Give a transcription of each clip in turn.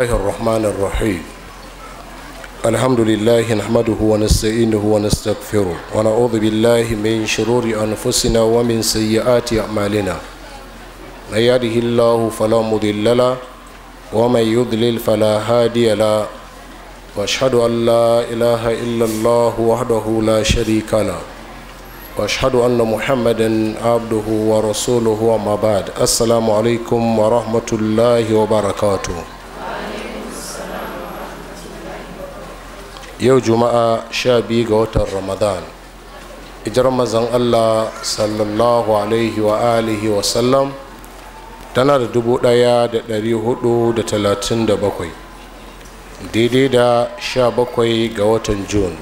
الله الرحمن الرحيم الحمد لله نحمده ونستعينه ونستغفره ونعوذ بالله من شرور أنفسنا ومن سيئات أعمالنا من يهده الله فلا مضل له ومن يضلل فلا هادي له واشهد أن لا إله إلا الله وحده لا شريك له واشهد أن محمدا عبده ورسوله وما بعد السلام عليكم ورحمة الله وبركاته yau juma'a sha biyu ga watan ramadan ijar mazan allah sallallahu alaihi wa alihi wa sallam tana da dubu daya da dari hudu da talatin da bakwai daidai da sha bakwai ga watan jun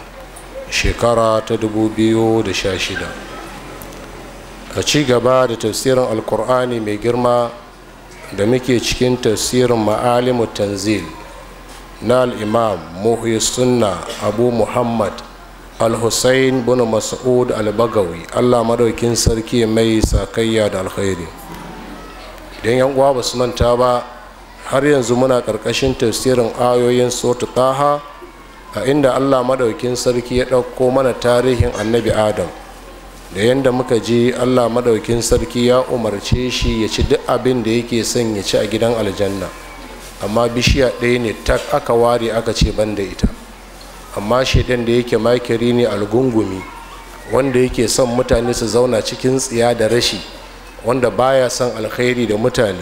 shekara ta dubu biyu da sha shida a ci gaba da tafsirin alkur'ani mai girma da muke cikin tafsirin ma'alimu tanzil na al'imam muhi sunna abu muhammad al-hussein bin mas'ud al-bagawi allah madaukin sarki mai sakayya da alkhairi idan yan uwa ba su manta ba har yanzu muna karkashin tafsirin ayoyin sotu taha a inda allah madaukin sarki ya ɗauko mana tarihin annabi adam da yadda muka ji allah madaukin sarki ya umarce shi ya ci duk abin da yake son ya ci a gidan aljanna amma bishiya ɗaya ne ta aka ware aka ce ban da ita amma shaidan da yake makiri ne algungumi wanda yake son mutane su zauna cikin tsiya da rashi wanda baya son alkhairi da mutane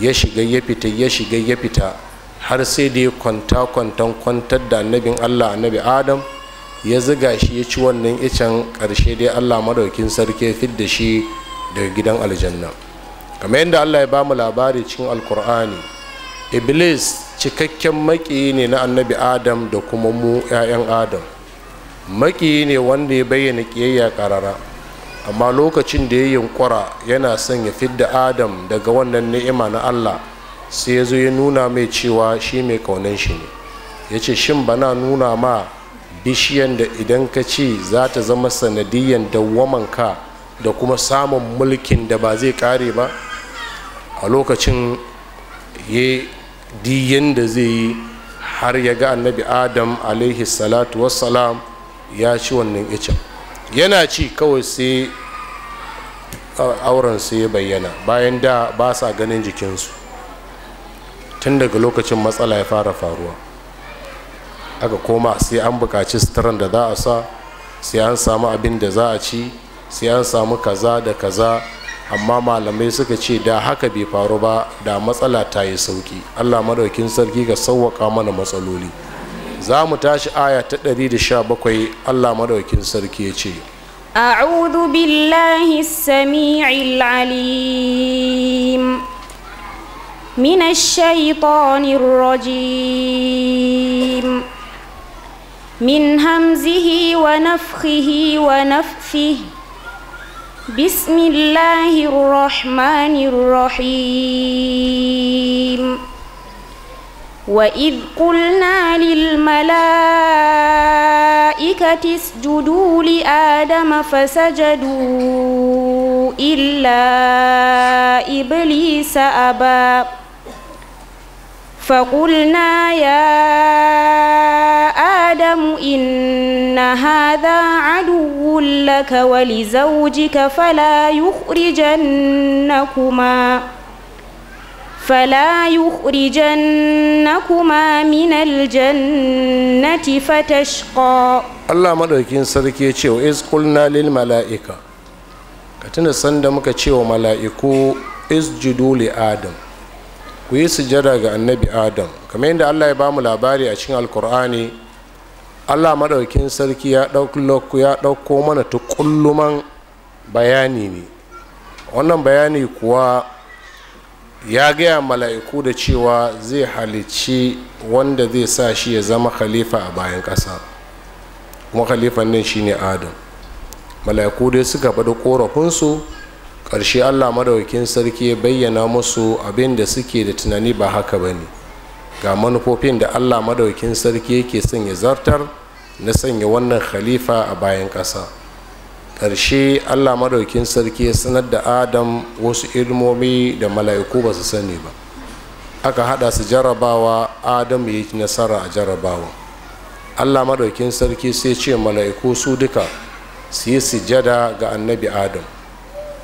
ya shiga ya fita ya shiga ya fita har sai da ya kwanta kwantan kwantar da annabin allah annabi adam ya ziga shi ya ci wannan icen ƙarshe dai allah madaukin sarki ya fidda shi daga gidan aljanna kamar yadda allah ya ba mu labari cikin alkur'ani iblis cikakken maƙiyi ne na annabi adam da kuma mu 'ya'yan adam maƙiyi ne wanda ya bayyana ƙiyayya ƙarara amma lokacin da ya yunƙura yana son ya fidda adam daga wannan ni'ima na allah sai ya zo ya nuna mai cewa shi mai ƙaunan shi ne ya ce shin bana nuna ma bishiyan da idan ka ci za ta zama sanadiyan dawwamanka da kuma samun mulkin da ba zai ƙare ba a lokacin ya diyan da zai yi har ya ga annabi adam alaihi salatu wassalam ya ci wannan icen yana ci kawai sai auren sai ya bayyana bayan da ba sa ganin jikinsu tun daga lokacin matsala ya fara faruwa aka koma sai an buƙaci sitaran da za a sa sai an samu abin da za a ci sai an samu kaza da kaza amma malamai suka ce da haka bai faru ba da matsala ta yi sauki allah maɗaukin sarki ka sauwaka mana matsaloli za mu tashi aya ta 117 allah madaukin sarki ya ce أعوذ بالله السميع العليم rajim min hamzihi wa همزه wa ونفثه بسم الله الرحمن الرحيم وإذ قلنا للملائكة اسجدوا لآدم فسجدوا إلا إبليس أبى فقلنا يا آدم إن هذا عدو لك ولزوجك فلا يخرجنكما فلا يخرجنكما من الجنة فتشقى الله مدركين سركي يتشيو إذ قلنا للملائكة كتنا سندمك يتشيو ملائكو isjudu li adam ku yi sujada ga annabi adam kamar yadda allah ya ba mu labari a cikin alkur'ani allah maɗaukin sarki ya ɗauko ya ɗauko mana tukulluman bayani ne wannan bayani kuwa ya gaya mala'iku da cewa zai halicci wanda zai sa shi ya zama khalifa a bayan ƙasa kuma khalifan nan shine adam mala'iku dai suka faɗi ƙorafinsu ƙarshe allah maɗaukin sarki ya bayyana musu abin da suke da tunani ba haka ba ne ga manufofin da allah madaukin sarki yake son ya zartar na sanya wannan khalifa a bayan ƙasa ƙarshe allah madaukin sarki ya sanar da adam wasu ilmomi da mala'iku ba su sani ba aka hada su jarabawa adam ya yi nasara a jarabawa allah madaukin sarki sai ce mala'iku su duka su yi sujada ga annabi adam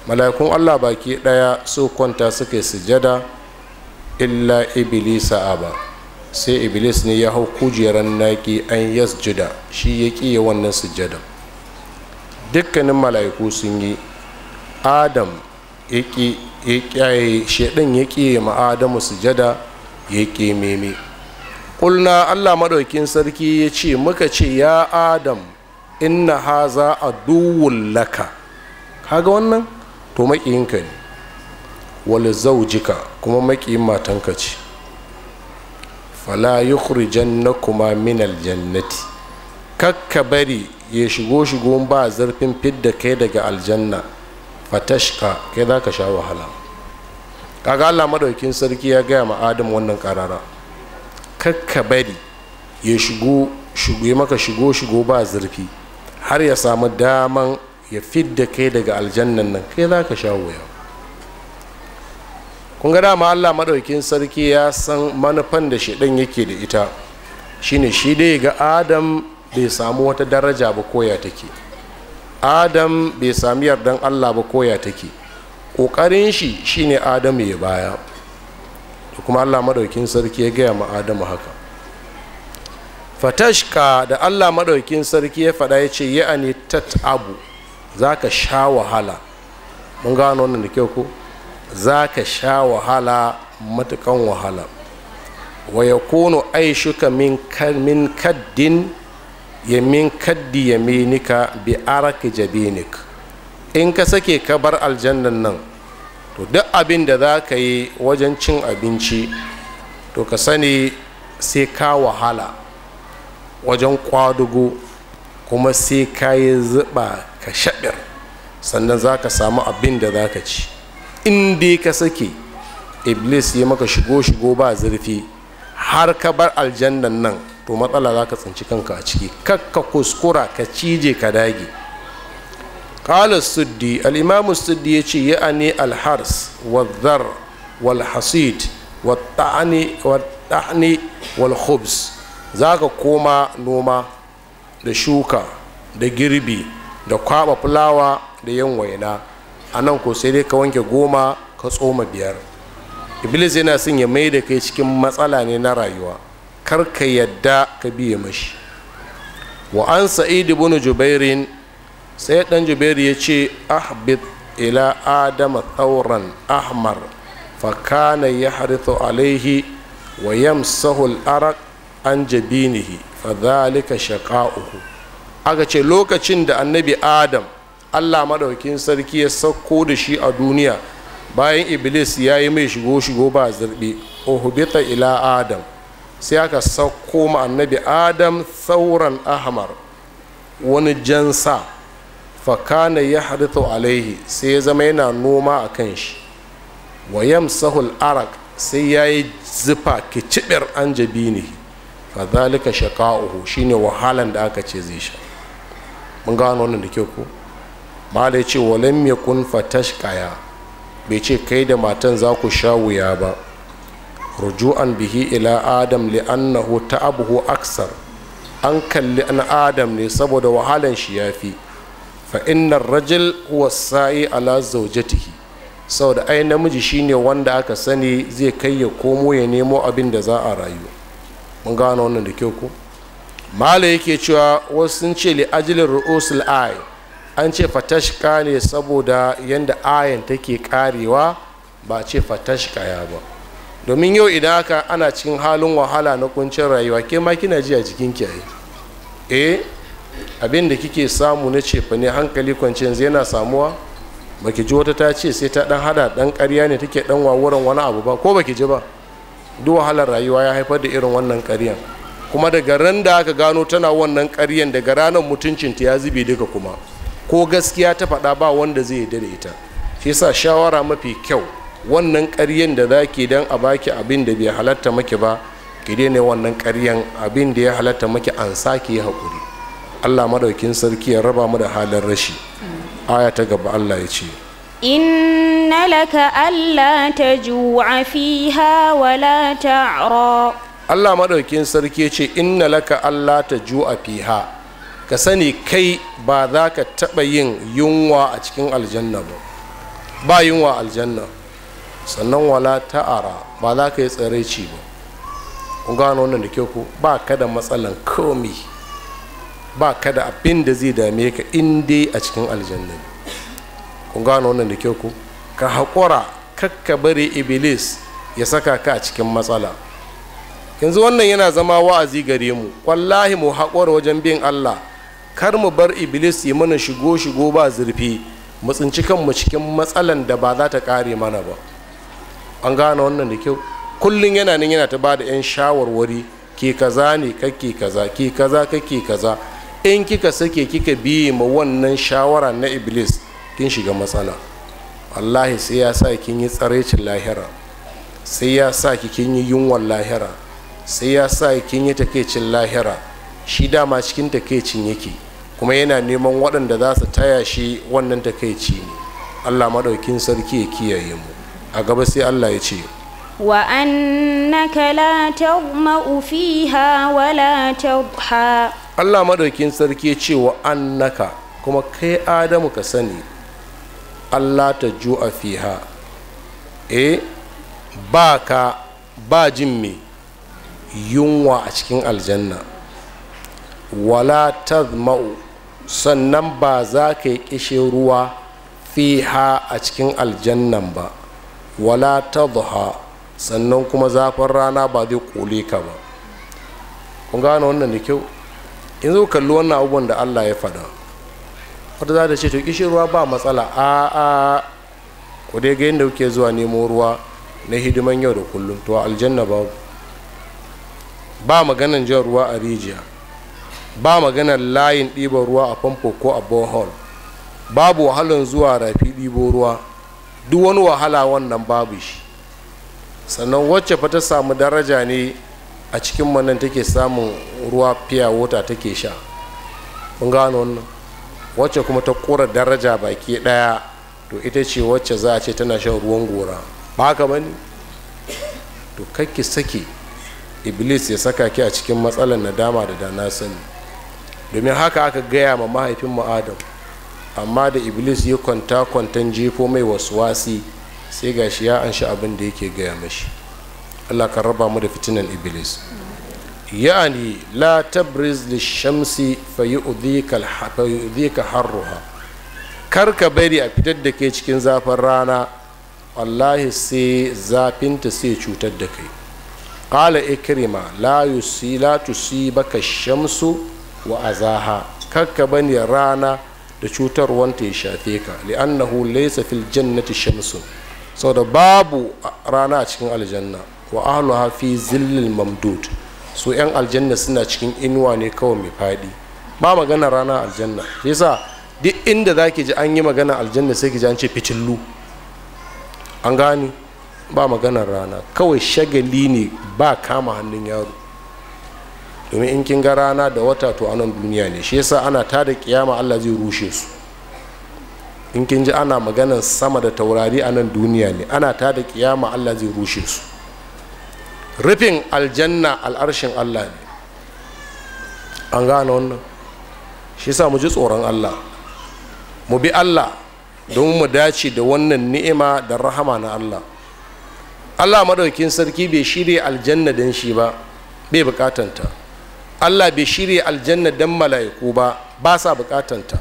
mala'ikun allah baki ɗaya su kwanta suka yi sujada illa iblisa aba sai iblis ne ya hau kujerar naki an yasjida shi ya ƙiye wannan sujada dukkanin mala'iku sun yi adam ya kiyaye shaɗin ya ƙiye ma adamu sujada ya ke meme ƙulna allah maɗaukin sarki ya ce muka ce ya adam inna haza a duwullaka kaga wannan to maƙiyinka ne zau jika kuma maƙiyin matanka ce fala kuma min aljannati kakka bari ya shigo shigo ba zarfin fidda kai daga aljanna fatashka kai za ka sha wahala kaga Allah madaukin sarki ya gaya ma Adam wannan karara kakka bari ya shigo shigo maka shigo shigo ba zurfi har ya samu daman ya fidda kai daga aljannan nan kai za ka sha wuya kun ga dama allah maɗaukin sarki ya san manufan da shaidan yake da ita shine shi dai ga adam bai samu wata daraja ba koya take adam bai sami yardan allah ba koya take ƙoƙarin shi shine adam ya baya da kuma allah maɗaukin sarki ya gaya ma adamu haka fatashka da allah maɗaukin sarki ya faɗa ya ce ani tat abu za ka sha wahala mun gano wannan da kyau ko za ka sha wahala matukan wahala wa ya kono aishuka min kaddin ya min kaddi ya minika bi araki jabinik in ka sake ka bar aljannan nan to duk abin da za ka yi wajen cin abinci to ka sani sai ka wahala wajen kwadugo kuma sai ka yi zuba ka shaɓir sannan za ka samu abin da za ka ci in ka sake iblis ya maka shigo shigo ba zurfi har ka bar aljannan nan to matsala za ka tsinci kanka a ciki kakka kuskura ka cije ka dage qala suddi al-imamu suddi ya ya'ani al-hars wadh-dhar wal-hasid wat koma noma da shuka da girbi da kwaba fulawa da yan waina a nan ko sai dai ka wanke goma ka tsoma biyar iblis yana son ya mai da kai cikin matsala ne na rayuwa kar ka yadda ka biye mashi wa an sa'id ibn jubairin sai dan jubairi ya ce ahbit ila adama thawran ahmar fa kana yahrithu alaihi wa yamsahu al-araq an jabinihi fa dhalika shaqa'uhu aka ce lokacin da annabi adam allah maɗaukin sarki ya sauko da shi a duniya bayan iblis ya yi mai shigo shigo ba zirɓe uhubita ila adam sai aka sauko ma annabi adam sauran ahmar wani jansa fakana ya hadita alaihi sai ya zama yana noma a kan shi wayam sahul arak sai ya yi zufa kicibir an jabi ne fadhalika shaka'uhu shine wahalan da aka ce zai sha mun gano wannan da kyau ko mala ce walin mai kun fatashkaya bai ce kai da matan za ku sha wuya ba ruju'an bihi ila adam li annahu ta'abuhu aksar an kalli an adam ne saboda wahalan shi ya fi fa rajil rajul huwa sa'i ala zaujatihi saboda ai namiji shine wanda aka sani zai kai ya komo ya nemo abin da za a rayu mun gano wannan da kyau ko mala yake cewa wasu sun ce li ajlin ru'usul ayi an ce fatashka ne saboda yadda ayan take karewa ba ce fatashka ya ba domin yau idan aka ana cikin halin wahala na kuncin rayuwa ke ma kina ji a jikin kiyaye eh abin kike samu na cefa ne hankali kwanci yanzu yana samuwa baki ji wata ta ce sai ta dan hada dan karya ne take dan wawuran wani abu ba ko baki ji ba duk wahalar rayuwa ya haifar da irin wannan karyan kuma daga ran da aka gano tana wannan karyan daga ranar mutuncinta ya zube duka kuma ko gaskiya ta faɗa ba wanda zai yarda da ita shi sa shawara mafi kyau wannan ƙaryen da za ki don a baki abin da bai halatta maki ba ki ne wannan ƙaryen abin da ya halatta maki an sake ya haƙuri allah madaukin sarki ya raba mu da halin rashi aya ta gaba allah ya ce inna laka alla taju'a fiha wa la ta'ra allah madaukin sarki ya ce inna laka alla taju'a fiha ka sani kai ba za ka taɓa yin yunwa a cikin aljanna ba ba yunwa aljanna sannan wala ta'ara ba za ka yi tsiraici ba kun gano wannan da kyau ko ba ka da matsalan komi ba ka da abin da zai dame ka in dai a cikin aljanna kun gano wannan da kyau ko ka haƙura kakka bari iblis ya saka ka a cikin matsala yanzu wannan yana zama wa'azi gare mu wallahi mu haƙura wajen bin allah kar mu bar iblis ya mana shigo shigo ba zurfi mu tsinci kanmu cikin matsalan da ba za ta kare mana ba an gane wannan da kyau kullum yana nan yana ta ba da 'yan shawarwari ke kaza ne kake kaza ke kaza kake kaza in kika sake kika biye ma wannan shawara na iblis kin shiga matsala wallahi sai ya sa kin yi tsaraicin lahira sai ya sa kin yi yunwan lahira sai ya sa kin yi takeicin lahira shi dama cikin takeicin yake kuma yana neman waɗanda za su taya shi wannan takaici ne allah maɗaukin sarki ya kiyaye mu a gaba sai allah ya ce wa'annaka la tagma'u fiha wala la tadha Allah madaukin sarki ce wa annaka kuma kai Adamu ka sani Allah ta ju'a fiha eh, ba ka ba jin me yunwa a cikin aljanna wala tazma'u sannan ba za ka yi ƙishe ruwa fiha a cikin aljannan ba wala tadha sannan kuma zafin rana ba zai kule ka ba kun gane wannan da kyau yanzu kalli wannan abubuwan da allah ya faɗa wata za ta ce to kishe ruwa ba matsala a a ku dai ga yadda kuke zuwa nemo ruwa na hidiman yau da kullum to aljanna ba ba maganan jan ruwa a rijiya ba maganar layin ɗiban ruwa a famfo ko a bohol babu wahalar zuwa rafi ɗibo ruwa duk wani wahala wannan babu shi sannan wacce fa ta samu daraja ne a cikin manan take samun ruwa fiya wota take sha kun gano wannan wacce kuma ta kora daraja baki ɗaya to ita ce wacce za a ce tana shan ruwan gora ba haka bane to kakki sake iblis ya saka ki a cikin matsalar nadama da da na sani domin haka aka gaya ma mahaifin mu adam amma da iblis ya kwanta kwantan jefo mai wasu wasi sai gashi ya anshi abin da yake gaya mashi allah kan raba mu da fitinan iblis ya'ani la tabriz lishamsi fayu'dhika harruha kar ka bari a fitar da ke cikin zafin rana wallahi sai zafinta sai cutar da kai qala ikrima la yusila tusibaka shamsu wa azaha kakka bane rana da cutar wanta ya shafe ka li'annahu laysa fil jannati shamsun saboda babu rana a cikin aljanna wa ahluha fi zillil mamdud su yan aljanna suna cikin inuwa ne kawai mai fadi ba magana rana aljanna yasa duk inda zaki ji an yi magana aljanna sai ki ji an ce fitillu an gani ba magana rana kawai shagali ne ba kama hannun yaro domin in kin ga rana da wata to anan duniya ne shi yasa ana ta da kiyama Allah zai rushe su in kin ji ana maganar sama da taurari a nan duniya ne ana ta da kiyama Allah zai rushe su rufin aljanna al'arshin Allah ne an gane wannan shi yasa mu ji tsoron Allah mu bi Allah don mu dace da wannan ni'ima da rahama na Allah Allah madaukin sarki bai shirya aljanna don shi ba bai bukatanta ta allah bai shirya aljanna don mala'iku ba ba sa bukatanta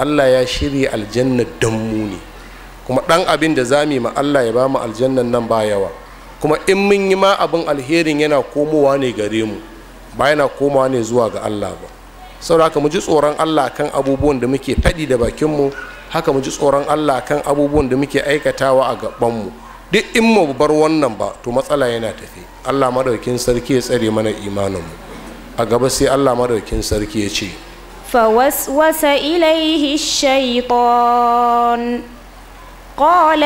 allah ya shirya aljanna don mu ne kuma dan abin da za mu allah ya ba mu aljannan nan ba yawa kuma in mun yi ma abin alherin yana komowa ne gare mu ba yana komowa ne zuwa ga allah ba saboda mu ji tsoron allah kan abubuwan da muke faɗi da bakinmu haka mu ji tsoron allah kan abubuwan da muke aikatawa a gabanmu duk in mu bar wannan ba to matsala yana tafi allah madaukin sarki ya tsare mana imaninmu a gaba sai allah madaukin sarki ya ce فوسوس إليه الشيطان قال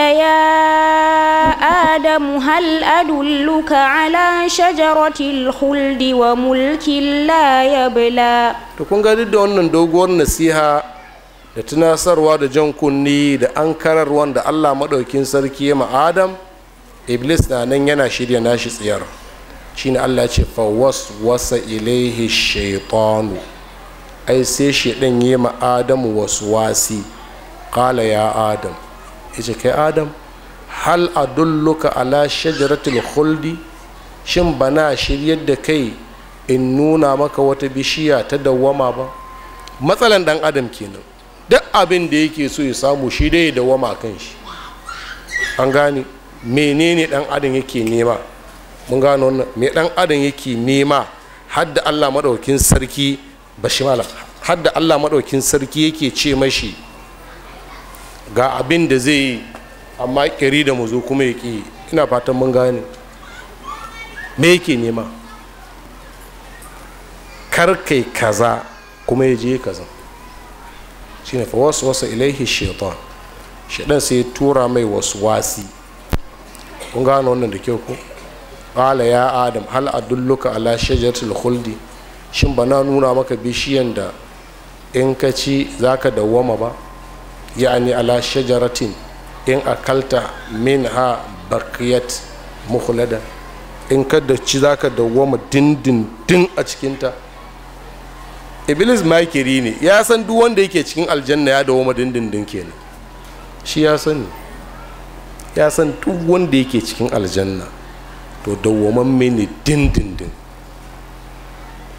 ala shajaratil huldi wa mulki la ya وملك da kun تكون da wannan doguwar nasiha da tunasarwa da jan kunni da ankarar da Allah madaukin sarki ya ma Adam Iblis na nan yana shirya nashi tsiyar shine Allah ce fa wasa ilaihi shaytanu ai sai shaydan yi ma adamu waswasi qala ya adam yace kai adam hal adulluka ala shajaratil khuldi shin bana shiryar da kai in nuna maka wata bishiya ta dawwama ba matsalan dan adam kenan duk abin da yake so ya samu shi dai ya dawwama kan shi an gane menene dan adam yake nema mun gano wannan me dan adam yake nema hadda Allah madaukin sarki bashi malam hadda Allah madaukin sarki yake ce mashi ga abin da zai amma kiri da muzo kuma ya ina fatan mun gane me yake nema kar kai kaza kuma ya je kaza shine fa wasu wasu ilaihi shaitan shaitan sai ya tura mai wasu wasi kun gano wannan da kyau ko ƙala ya adam hal adulluka ala shajaratul khuldi shin ba na nuna maka bishiyan da in ka ci zaka dawwama ba ya'ani ala shajaratin in akalta min ha bakiyat mukhlada in ka da ci zaka dawwama dindindin a cikinta iblis makiri ne ya san duk wanda yake cikin aljanna ya dawoma dindindin kenan shi ya sani ya san duk wanda yake cikin aljanna to din din dindindin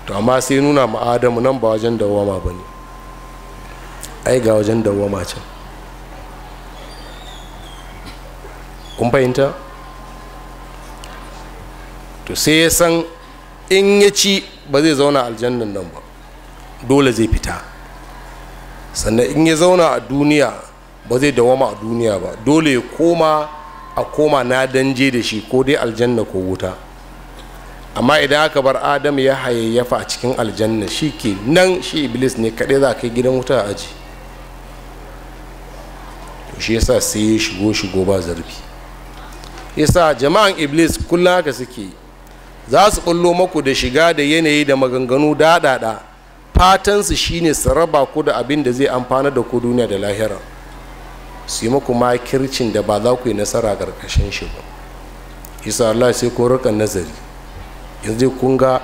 to amma sai nuna ma adamu nan ba wajen dawwama ba ne ai ga wajen dawwama can kun fahimta to sai ya san in ya ci ba zai zauna aljannan nan ba dole zai fita sannan in ya zauna a duniya ba zai dawama a duniya ba dole ya koma a koma na danje da shi ko dai aljanna ko wuta amma idan aka bar adam ya hayayyafa a cikin aljanna shi ke nan shi iblis ne kaɗai za ka yi gidan wuta a aji to shi yasa sai ya shigo shigo ba zarfi yasa jama'an iblis kullum haka suke za su ɓullo maku da shiga da yanayi da maganganu daɗaɗa fatansu shine su raba ku da abin da zai amfana da ku duniya da lahira su yi ma makircin da ba za ku yi nasara ƙarƙashin shi ba isa allah sai ko rika nazari yanzu kun ga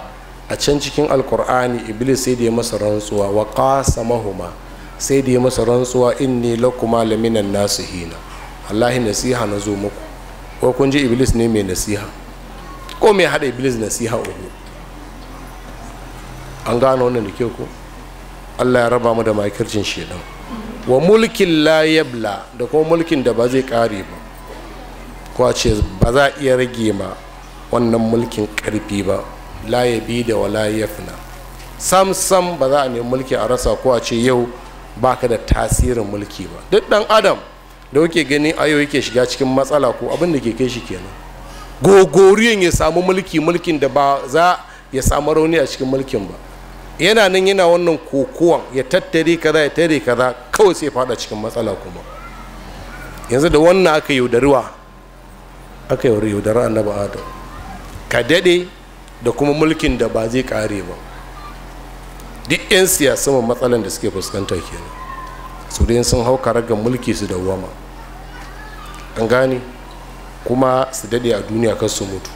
a can cikin alkur'ani iblis sai da ya masa rantsuwa wa ƙasa mahuma sai da ya masa rantsuwa in ne lakuma laminan nasu hina allahi nasiha na zo muku ko kun ji iblis ne mai nasiha ko mai haɗa iblis nasiha uku an gano wannan da kyau ko allah ya raba mu da makircin shedan wa mulkin layabla da kuma mulkin da ba zai kare ba kuwa ce ba za iya rage ma wannan mulkin karfi ba layabi da wa layafna sam sam ba za a nemi mulki a rasa ko a ce yau ba ka da tasirin mulki ba duk dan adam da kuke gani ayo yake shiga cikin matsala ko abin da ke kai shi kenan gogoriyan ya samu mulki mulkin da ba za ya samu rauni a cikin mulkin ba yana nan yana wannan kokowan ya tattare kaza ya tare kaza kawai sai fada cikin matsala kuma yanzu da wannan aka yaudarwa aka yaudara annabi adam ka daɗe da kuma mulkin da ba zai ƙare ba duk 'yan siyasa matsalan da suke fuskanta kenan su dai sun hau ga mulki su dawwama an gane kuma su daɗe a duniya kan su mutu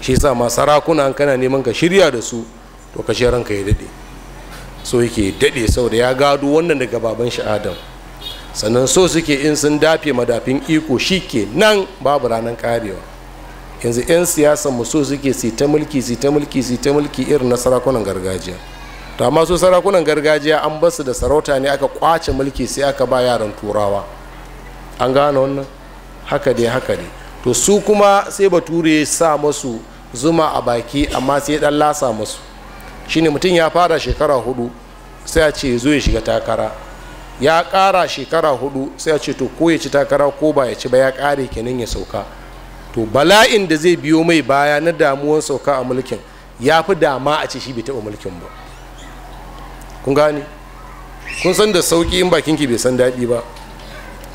shi sa ma sarakuna kana neman ka shirya da su to ka ranka ya daɗe so yake daɗe saboda ya gado wannan daga baban shi adam sannan so suke in sun dafe madafin iko shi ke nan babu ranar karewa yanzu 'yan siyasan mu so suke si ta mulki si ta mulki si ta mulki irin na sarakunan gargajiya ta masu sarakunan gargajiya an basu da sarauta ne aka kwace mulki sai aka ba yaran turawa an gane wannan haka dai haka dai to su kuma sai bature sa masu zuma a baki amma sai dan lasa masu shine mutum ya fara shekara hudu sai a ce zo ya shiga takara ya ƙara shekara hudu sai a ce to ko ya ci takara ko ba ya ci ba ya ƙare kenan ya sauka to bala'in da zai biyo mai baya na damuwan sauka a mulkin ya fi dama a ce shi bai taɓa mulkin ba kun gane kun san da sauƙi in bakin ki bai san daɗi ba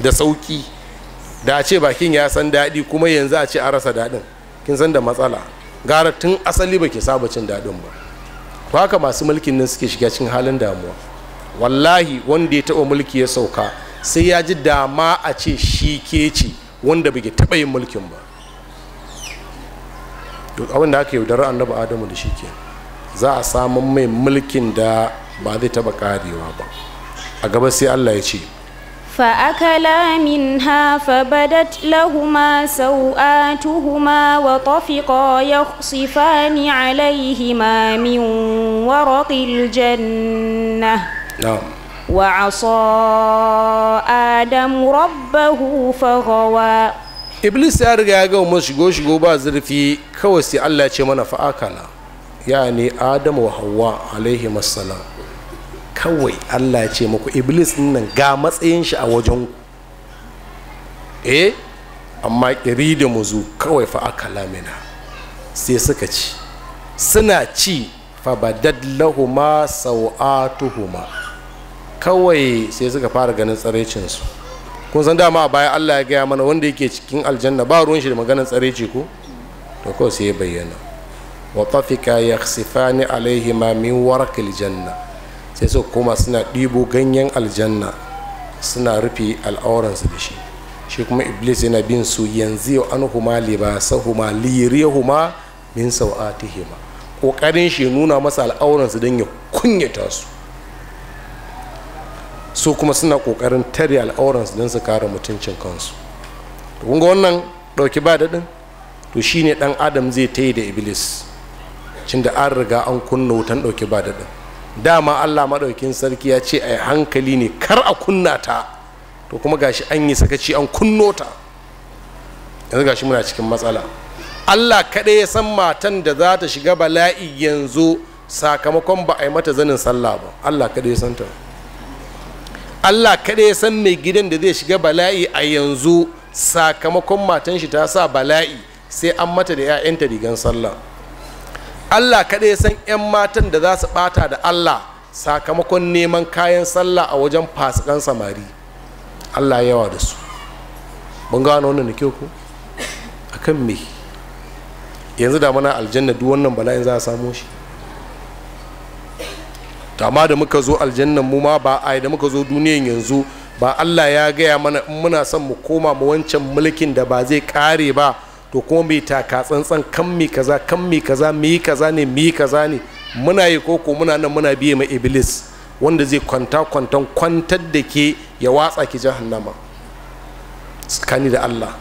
da sauƙi da a ce bakin ya san daɗi kuma yanzu a ce a rasa daɗin kin san da matsala gara tun asali ba ki saba cin daɗin ba to haka masu mulkin nan suke shiga cikin halin damuwa wallahi wanda ya taɓa mulki ya sauka sai ya ji dama a ce shi ke ce wanda bai taɓa yin mulkin ba To abin da aka yaudara annabi adamu da shi ke za a samun mai mulkin da ba zai taɓa karewa ba a gaba sai allah ya ce فأكلا منها فبدت لهما سوآتهما وطفقا يخصفان عليهما من ورق الجنة نعم وعصى آدم ربه فغوى إبليس أرجع ومش جوش جوبا زرفي كوسي الله يشمنا فأكلا يعني آدم وحواء عليهما السلام kawai allah ya ce muku iblis nan ga matsayin shi a wajen eh amma ƙiri da muzu kawai fa aka lamina sai suka ci suna ci fa badad lahuma sau'atuhuma kawai sai suka fara ganin tsaraicinsu kun san dama a baya allah ya gaya mana wanda yake cikin aljanna ba ruwan shi da maganin tsaraici ko to kawai sai ya bayyana wa tafika ya sifani alaihima min warqil janna sai su koma suna ɗibo ganyen aljanna suna rufe al'auransu da shi shi kuma iblis yana bin su yanzu yau an huma libasa huma liriya huma min sau'atihima ƙoƙarin shi nuna masa al'auransu don ya kunyata su su kuma suna ƙoƙarin tare al'auransu don su kare mutuncin kansu to kun ga wannan ɗauki ba daɗin to shine ɗan adam zai ta yi da iblis cin an riga an kunna wutan ɗauki ba daɗin dama allah maɗaukin sarki ya ce a hankali ne kar a kunna ta to kuma gashi an yi sakaci an kunno ta yanzu gashi muna cikin matsala allah kaɗai ya san matan da za ta shiga bala'i yanzu sakamakon ba a yi mata zanin sallah ba allah kaɗai ya san ta allah kaɗai ya san mai gidan da zai shiga bala'i a yanzu sakamakon matan shi ta sa bala'i sai an mata da 'ya'yanta rigan sallah allah kaɗai ya san 'yan matan da za su ɓata da allah sakamakon neman kayan sallah a wajen fasikan samari allah yawa da su ban gano wannan da kyau ko a kan me yanzu da mana aljanna duk wannan bala'in za a samo shi amma da muka zo aljannan mu ma ba a da muka zo duniyan yanzu ba allah ya gaya mana in muna son mu koma mu wancan mulkin da ba zai kare ba to kuma mai taka tsantsan kan mi kaza kan mi kaza mi kaza ne yi kaza ne muna yi koko muna nan muna biye ma iblis wanda zai kwanta kwantan kwantar da ke ya watsa ki jahannama tsakani da allah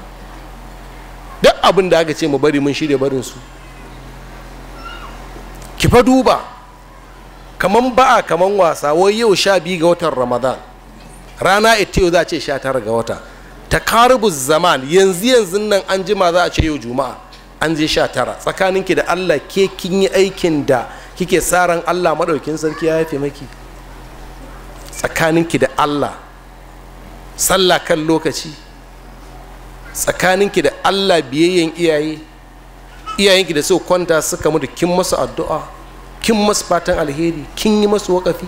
duk abin da aka ce mu bari mun shirya barin su ki fa duba kaman ba'a kaman wasa wai yau sha biyu ga watan ramadan rana ita yau za a ce sha tara ga wata takarubuz zaman yanzu yanzu nan an jima za a ce yau juma'a an je sha tara tsakaninki da allah ke kin yi aikin da kike saran allah maɗaukin sarki ya haife maki tsakaninki da allah sallah kan lokaci tsakaninki da allah biyayyen iyaye iyayenki da su kwanta suka mutu kin masu addu'a kin masu fatan alheri kin yi masu wakafi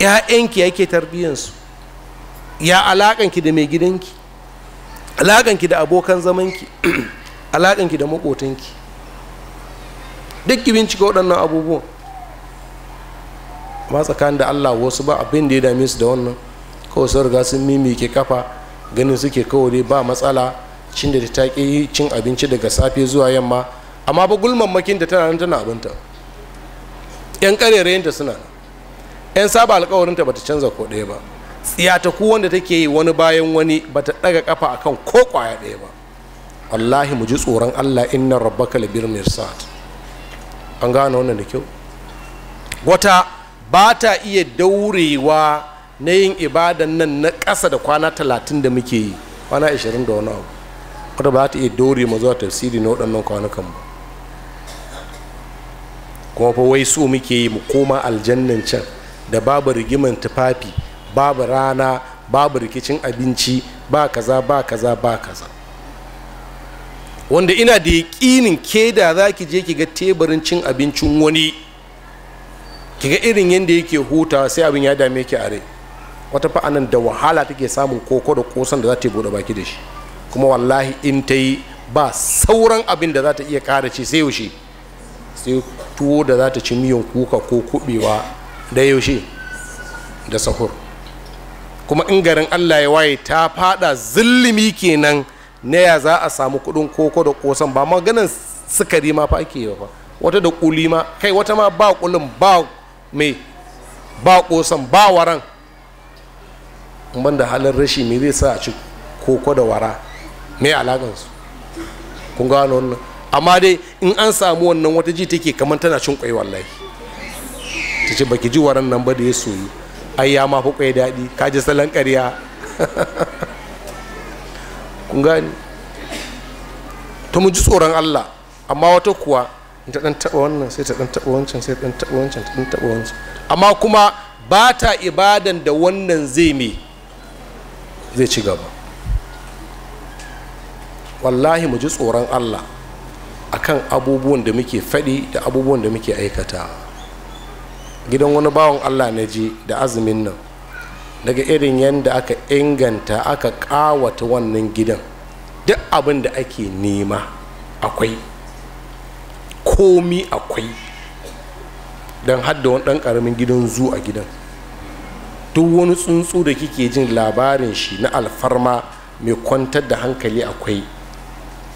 'ya'yanki yake tarbiyyansu ya alaƙanki da mai gidanki alaƙanki da abokan zamanki alaƙanki da maƙotanki duk ki bincika waɗannan abubuwan amma tsakanin da allah wasu ba abin da ya dame su da wannan kawai sun riga sun mimike kafa ganin suke kawai dai ba matsala cin da ta yi cin abinci daga safe zuwa yamma amma ba gulmammakin da tana nan tana abinta yan ƙarerayinta suna yan saba alkawarinta bata canza ko ɗaya ba ku wanda take yi wani bayan wani ba ta ɗaga ƙafa kan ko ƙwaya ɗaya ba wallahi mu ji tsoron allah inna rabbaka labir Sa'ad. an gane wannan da kyau wata ba ta iya daurewa na yin ibadan nan na ƙasa da kwana talatin da muke yi kwana ashirin da wani abu wata ba ta iya daure ma zuwa tafsiri na waɗannan kwanukan ba kuma fa wai so muke yi mu koma aljannan can da babu rigiman tufafi babu rana babu rikicin abinci ba kaza ba kaza ba kaza wanda ina da yaƙinin ke da za ki je ki ga teburin cin abincin wani ki ga irin yadda yake hutawa sai abin ya dame ki a rai wata fa'anan da wahala take samun koko da kosan da za ta yi bude baki da shi kuma wallahi in ta yi ba sauran abin da za ta iya kara ci sai yaushe sai tuwo da za ta ci miyan kuka ko kubewa da yaushe da sahur kuma in garin allah ya waye ta fada zillimi kenan na ya za a samu kudin koko da kosan ba maganin sukari ma fa ake yi ba wata da kuli ma kai wata ma ba kulin ba mai ba kosan ba waran ban da halin rashi me zai sa a ci koko da wara mai su kun gano wannan amma dai in an samu wannan wata ji take kamar tana cin kwai wallahi ta ce baki ji waran nan ba da ya soyi ai ya mafi kwai daɗi kaji salon ƙarya kun gani ta mu ji tsoron allah amma wata kuwa ta ɗan taɓa wannan sai ta ɗan taɓa wancan sai ta ɗan taɓa wancan ta ɗan taɓa wancan amma kuma ba ta ibadan da wannan zai me zai ci gaba wallahi mu ji tsoron allah akan abubuwan da muke faɗi da abubuwan da muke aikatawa gidan wani bawan allah na ji da azumin nan daga irin yadda aka inganta aka kawata wannan gidan duk abin da ake nema akwai komi akwai don hada wani ɗan ƙaramin gidan zu a gidan duk wani tsuntsu da kike jin labarin shi na alfarma mai kwantar da hankali akwai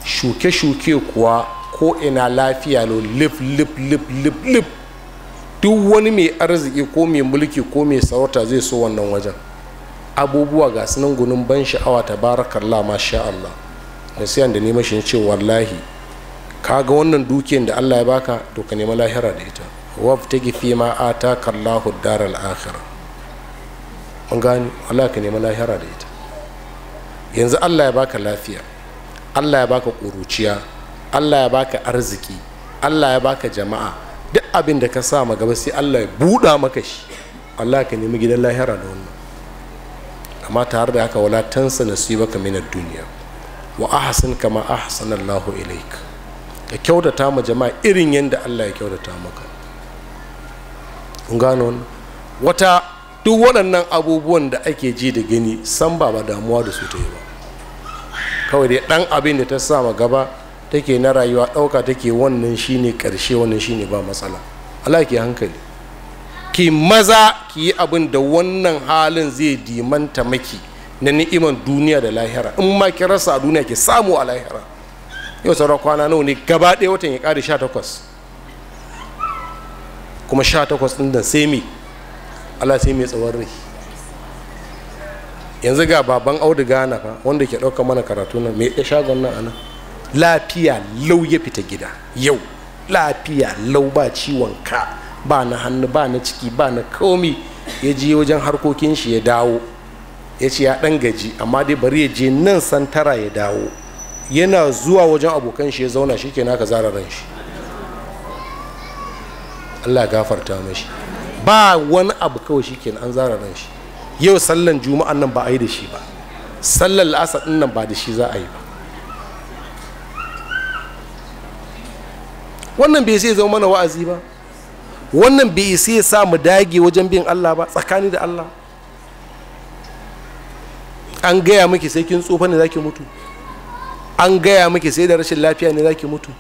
shuke-shuke kuwa ko ina lafiya lo lip lip lif lif lif duk wani mai arziki ko mai mulki ko mai sarauta zai so wannan wajen abubuwa ga sunan gunin ban sha'awa tabarakallah masha Allah nasiyan da nema shi ce wallahi ka ga wannan dukiyar da Allah ya baka to ka nema lahira da ita ta gifi ma ta Allahu daral akhirah mun gani wallahi ka nema lahira da ita yanzu Allah ya baka lafiya Allah ya baka ƙuruciya Allah ya baka arziki Allah ya baka jama'a abin da ka sa ma gaba sai Allah ya buɗa maka shi Allah ka nemi gidan lahira da wannan amma tare da haka wala tansa nasibaka min ad-dunya wa ahsan kama ahsana Allahu ilaik ka kyautata ma jama'a irin yanda Allah ya kyautata maka kun gano wata duk waɗannan abubuwan da ake ji da gani san ba ba damuwa da su ta yi ba kawai dai ɗan abin da ta sa ma gaba take na rayuwa ɗauka take wannan shine ƙarshe wannan shine ba matsala Allah ki hankali ki maza ki yi abin da wannan halin zai dimanta maki na ni'iman duniya da lahira in ma ki rasa a duniya ki samu a lahira yau sauran kwana nawa ne gaba ɗaya watan ya ƙare sha takwas kuma sha takwas ɗin da sai me Allah sai mai tsawon rai yanzu ga baban auduga na fa wanda ke ɗauka mana karatu nan me ya shagon nan a lafiya lau ya fita gida yau lafiya lau ba ciwon ka ba na hannu ba na ciki ba na komi ya je wajen harkokin shi ya dawo ya ce ya dan gaji amma dai bari ya je nan santara ya dawo yana zuwa wajen abokan shi ya zauna shi kenan ka zara ran shi Allah gafarta mashi ba wani abu kawai shi kenan an zara ran shi yau sallan juma'an nan ba a yi da shi ba sallan la'asa nan ba da shi za a yi ba wannan bai sai zama mana wa'azi ba wannan bai sai sa mu dage wajen bin Allah ba tsakani da Allah an gaya miki sai kin tsufa ne zaki mutu an gaya miki sai da rashin lafiya ne zaki mutu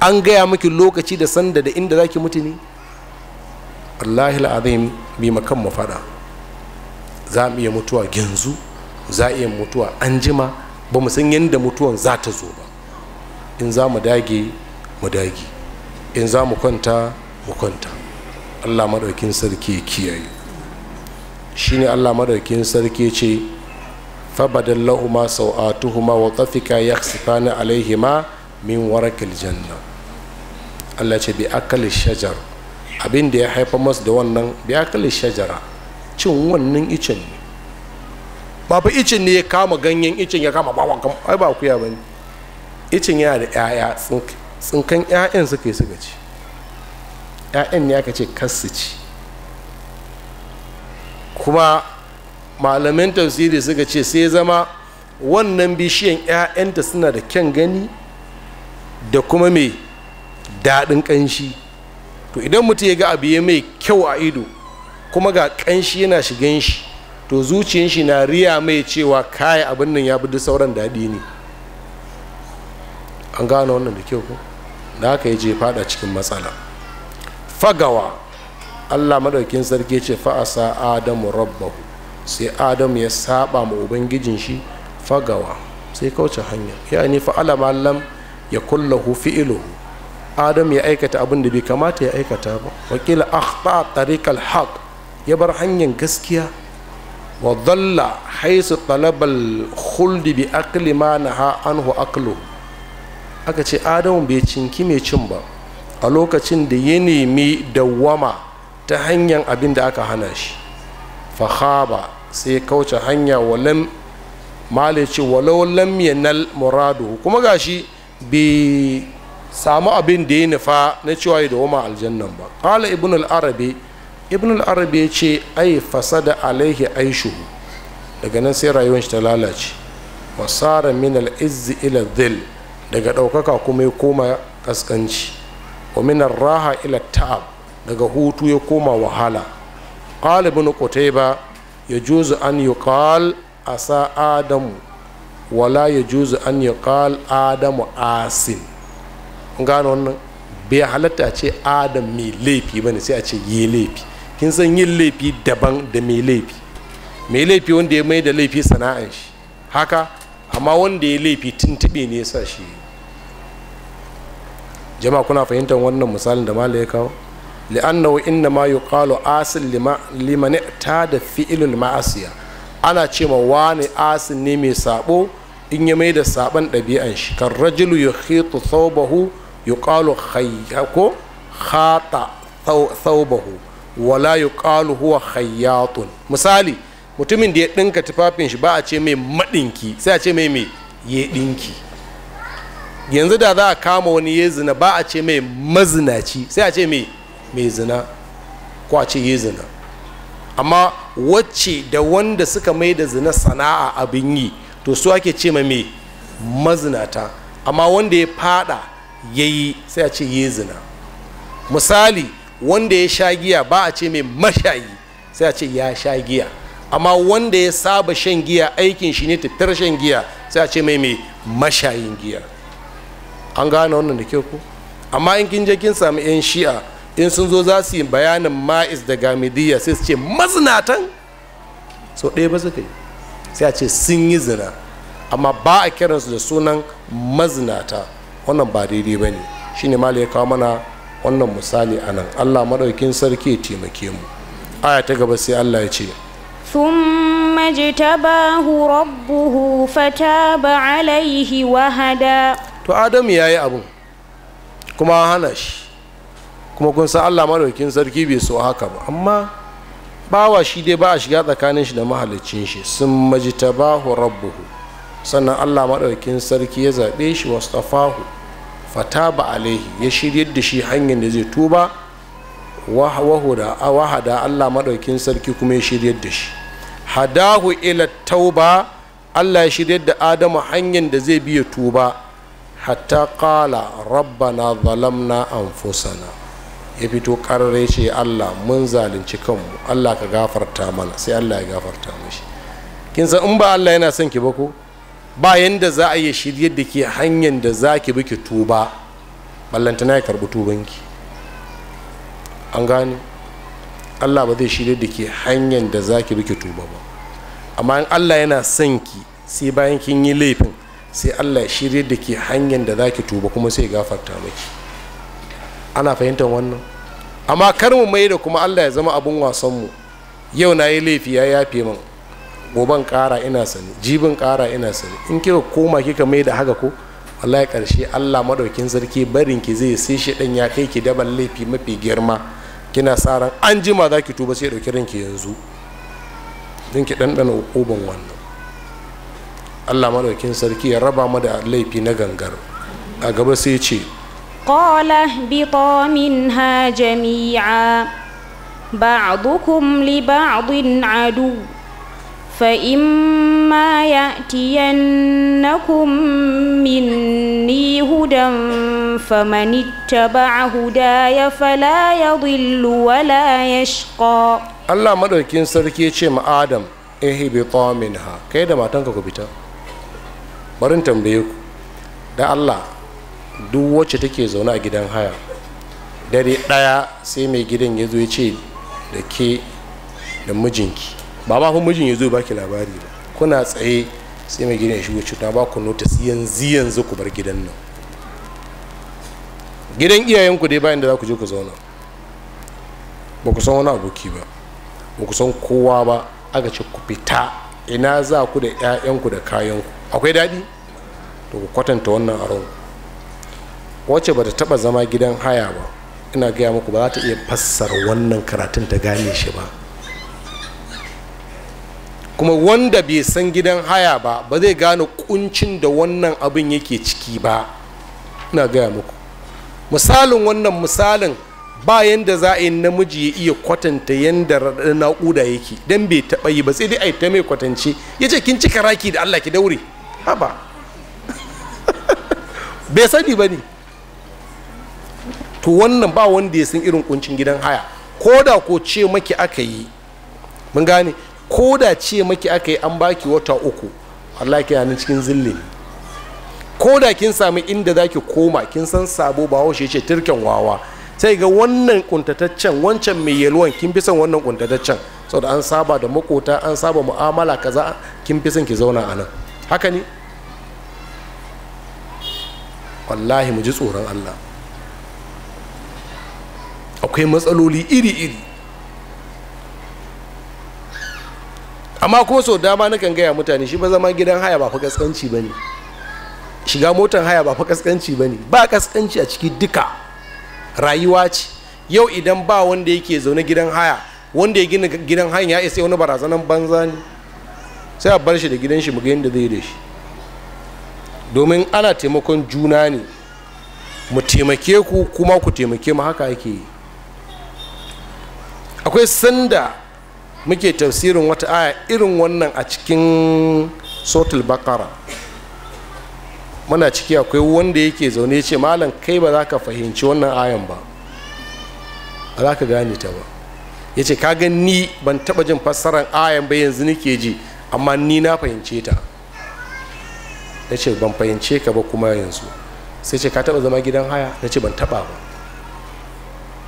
an gaya miki lokaci da sanda da inda zaki mutu ne Allah azim bi makan mu fada za mu iya mutuwa yanzu za iya mutuwa an jima ba mu san yadda mutuwan za ta zo ba in za mu dage mu dage in za mu kwanta mu kwanta allah maɗaukin sarki kiyaye shine allah maɗaukin sarki ce fabadan lahuma sau'atuhuma wa tsafika ya sifani alaihima min warakil janna allah ce bi akali shajar abin da ya haifa masu da wannan bi akali shajara cin wannan icin ne babu icin ne ya kama ganyen icin ya kama bawan kama ai ba kuya bane icin yana da 'ya'ya tsink tsinkan 'ya'yan suka yi suka ci 'ya'yan ne aka ce kassu ci kuma malamin tafsiri suka ce sai zama wannan bishiyan 'ya'yanta suna da kyan gani da kuma mai daɗin ƙanshi to idan mutum ya ga abu ya mai kyau a ido kuma ga ƙanshi yana shigan shi to zuciyan shi na riya mai cewa kaya abin nan ya bi duk sauran daɗi ne an gane wannan da kyau ko da haka ya je fada cikin matsala fagawa allah madaukin sarki ce sa adamu rabbahu sai adamu ya saba ma ubangijin shi fagawa sai kauce hanya ya ni fa'ala malam ya kullahu ilo adam ya aikata abin da bai kamata ya aikata ba wakila akhta tariqal haq ya bar hanyar gaskiya wa dhalla haisu talabal khuldi bi aqli ma naha anhu aqluhu aka ce adamu bai cinki mai cin ba a lokacin da ya nemi dawwama ta hanyar abin da aka hana shi fahaba sai kauce hanya walam malice walau lam yanal muradu kuma gashi bai samu abin da ya nufa na cewa ya dawoma aljannan ba qala ibn al-arabi ibn al-arabi ya ce ai fasada alaihi Aishu daga nan sai rayuwar shi ta lalace wasara min al izzi ila dhil daga ɗaukaka kuma ya koma ƙasƙanci wa minar raha ila ta'ab daga hutu ya koma wahala qala ibn ya yajuzu an a sa adamu wala ya juzu an ƙal adamu asin gano wannan bai halatta ce adam mai laifi ba ne sai a ce yi laifi kin san yin laifi daban da mai laifi mai laifi wanda ya mai da laifi sana'an shi haka amma wanda ya laifi tuntuɓe ne ya sa shi yi jama kuna fahimtar wannan misalin da malai ya kawo li'annahu inna ma yuqalu asil liman ta da fi'ilul ma'asiya ana ce ma wani asil ne mai sabo in ya mai da saban ɗabi'an shi kan rajulu yukhitu thawbahu yuqalu khayyako khata thawbahu wala yuqalu huwa khayyatun misali mutumin da ya dinka tufafin shi ba a ce mai madinki sai a ce mai mai ya dinki yanzu da za a kama wani ya zina ba a ce mai mazinaci sai a ce mai zina ko a ce ya zina amma wacce da wanda suka mai da zina sana'a abin yi to su ake ce ma mai mazinata amma wanda ya fada ya yi sai a ce ya zina misali wanda ya sha giya ba a ce mai mashayi sai a ce ya sha giya amma wanda ya saba shan giya aikin shi ne tattar shan giya sai a ce mai mai mashayin giya an gane wannan da ke ku amma in kin je kin samu yan shi'a in sun zo za su yi bayanin ma'is da gamidiyya sai su ce mazinatan sau ɗaya ba su yi sai a ce sun yi zina amma ba a kiransu da sunan mazinata wannan ba daidai ba ne shi ne ya kawo mana wannan misali a nan allah maɗaukin sarki ya taimake mu aya ta gaba sai allah ya ce ثم اجتباه ربه alaihi عليه وهدى to adamu ya yi abin kuma hana shi kuma kun san allah maɗaukin sarki bai so haka ba amma bawa shi dai ba a shiga tsakanin shi da mahalicin shi sun bahu rabbuhu sannan allah maɗaukin sarki ya zaɓe shi fata fataba alaihi ya shirya da shi hanyar da zai tuba wahada allah maɗaukin sarki kuma ya shirya da shi hadahu ila tauba allah ya shirya da adamu hanyar da zai biya tuba hatta qala rabbana zalamna anfusana ya fito karare ce Allah mun zalunci kanmu Allah ka gafarta mana sai Allah ya gafarta mashi kin san in ba Allah yana son ki ba ko ba yanda za a yi shirye da ke hanyar da za ki bi ki tuba ballantana ya karbi tubanki an gane Allah ba zai shirye da ke hanyar da za ki bi ki tuba ba amma in Allah yana son ki sai bayan kin yi laifin sai allah ya shirye da ke hanyar da za ki tuba kuma sai gafarta maki ana fahimtar wannan amma kar mu mai da kuma allah ya zama abin wasanmu yau na yi laifi ya yafe min goban kara ina sani jibin kara ina sani in kika koma kika mai da haka ko wallahi karshe allah maɗaukin sarki barin ki zai sai shi ɗan ya kai ki daban laifi mafi girma kina sa ran an jima za ki tuba sai ɗauki ranki yanzu don ki ɗanɗana ukuban wannan allah maɗaukin sarki ya raba mu da laifi na gangar a gaba sai ce qala bi ha jami'a ba'dukum li ba'din adu fa in ma ya'tiyannakum minni hudan famanittaba'a hudaya fala yadhillu wala yashqa allah maɗaukin sarki ya ce ma adam ihbita minha kai da matanka ku fita barin tambaye ku da allah duk wacce take zaune a gidan haya dare ɗaya sai mai gidan ya zo ya ce da ke da mijinki ba ma mijin ya zo baki labari ba kuna tsaye sai mai gidan ya shigo cuta ba ku notice yanzu yanzu ku bar gidan nan gidan iyayenku dai bayan da za ku je ku zauna ba ku san wani aboki ba ba ku san kowa ba aka ce ku fita ina za ku da 'ya'yanku da kayanku akwai daɗi to ku kwatanta wannan a wacce ba ta taba zama gidan haya ba ina gaya muku ba za ta iya fassar wannan karatun ta gane shi ba kuma wanda bai san gidan haya ba ba zai gane kuncin da wannan abin yake ciki ba ina gaya muku misalin wannan misalin ba yanda za a yi namiji ya iya kwatanta yanda naƙuda yake don bai taɓa yi ba sai dai a yi ta mai kwatance ya ce kin cika raki da allah ki daure haba bai sani ba ne to wannan ba wanda ya san irin kuncin gidan haya ko da ko ce maki aka yi mun gane ko da ce maki aka yi an baki wata uku Allah ke nan cikin zille ko da kin sami inda zaki koma kin san sabo ba haushe ce turken wawa sai ga wannan kuntataccen wancan mai yalwan kin fi son wannan kuntataccen saboda an saba da makota an saba mu'amala kaza kin fi son ki zauna a nan haka ne wallahi mu ji tsoron allah akwai matsaloli iri-iri amma kuma sau dama nakan gaya mutane shi ba zama gidan haya ba fa kaskanci ba ne shiga motan haya ba fa kaskanci ba ne ba kaskanci a ciki duka rayuwa ce yau idan ba wanda yake zaune gidan haya wanda ya gina gidan haya ya isa wani barazanan banza ne sai a bar shi da gidan shi mu ga yadda zai da shi domin ana taimakon juna ne mu taimake ku kuma ku taimake mu haka yake yi akwai sanda muke tafsirin wata aya irin wannan a cikin sotul bakara muna ciki akwai wanda yake zaune ce malam kai ba za ka fahimci wannan ayan ba ba za ka gane ta ba ya ce ka ni ban taɓa jin fassarar ayan ba yanzu ke ji amma ni na fahimce ta na ce ban fahimce ka ba kuma yanzu sai ce ka taba zama gidan haya na ce ban taba ba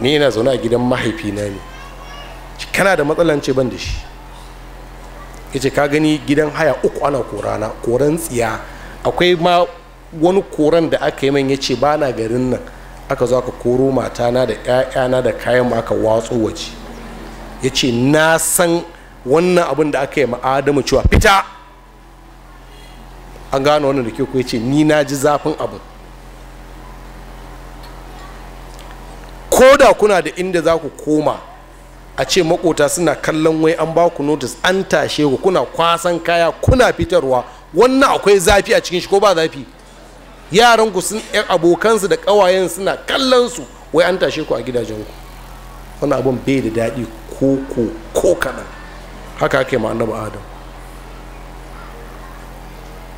ni yana zaune a gidan mahaifina ne kana da matsalan ce ban da shi ya ce ka gani gidan haya uku ana korana koran tsiya akwai ma wani koran da aka yi man ya ce ba na garin nan aka zo aka koro matana da 'ya'yana da kayan aka watso waje ya ce na san wannan abin da aka yi ma adamu cewa fita an gano wannan da ke ku ce ni na ji zafin abu ko da kuna da inda za ku koma a ce makota suna kallon wai an ba ku notis an tashe ku kuna kwasan kaya kuna fitarwa wannan akwai zafi a cikin shi ko ba zafi yaran ku sun yan abokansu da kawayen suna kallon su wai an tashe ku a gidajen ku wannan abun bai da daɗi ko ko kaɗan haka ake ma annabi adam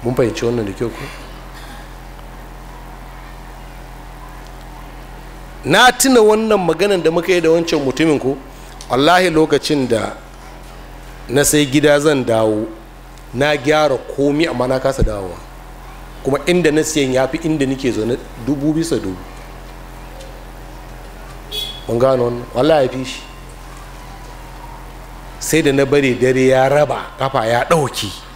mun fahimci wannan da kyau ku na tuna wannan maganan da muka yi da wancan mutumin ku wallahi lokacin da na sai gida zan dawo na gyara komi amma na kasa dawowa kuma inda na siyan ya fi inda nike zaune dubu bisa dubu mun gano wannan wallahi fi shi sai da na bari dare ya raba kafa ya ɗauki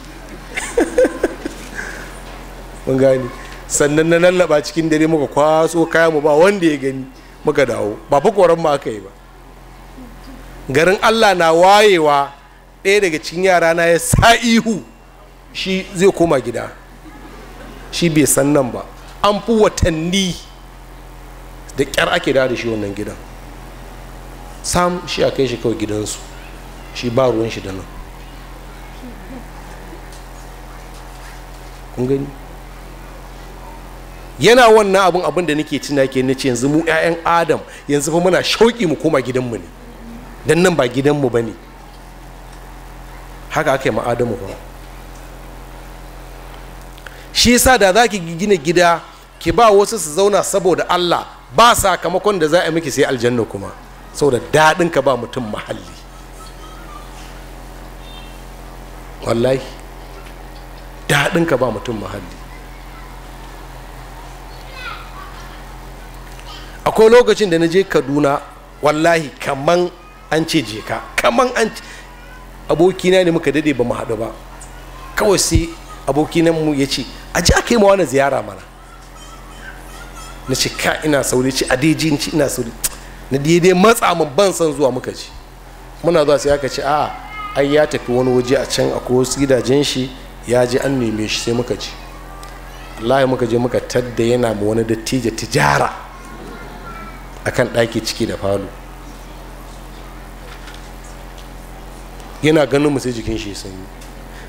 mun gani sannan na lallaba cikin dare muka kwaso kaya mu ba wanda ya gani muka dawo ba fa koran mu aka yi ba garin Allah na wayewa ɗaya daga cikin yara na ya sa ihu shi zai koma gida shi bai san nan ba an fi watanni da ƙyar ake da da shi wannan gidan sam shi a kai shi kawai gidansu shi ba ruwan shi da nan kun yana wannan abin abin da nake cina ke nace yanzu mu 'ya'yan adam yanzu fa muna shauƙi mu koma gidanmu ne don nan ba gidanmu ba ne haka aka yi ma'adamu ba shi sa da za ki gina gida ki ba wasu su zauna saboda allah ba sakamakon da za a yi miki sai aljanna kuma saboda daɗin ka ba mutum mahalli wallahi daɗin ka ba mutum mahalli akwai lokacin da na je kaduna wallahi kaman an ce jeka kaman an abokina ne muka dade ba mu haɗu ba kawai sai na mu ya ce a ji aka yi ma wani ziyara mana na ce ka ina sauri ce a daji ci ina sauri na daidai matsa min ban san zuwa muka ci muna zuwa sai aka ce a ai ya tafi wani waje a can akwai wasu gidajen shi ya je an neme shi sai muka ci wallahi muka je muka tadda yana ma wani dattijo tijara akan ɗaki ciki da falo yana ganin mu sai jikin shi sanyi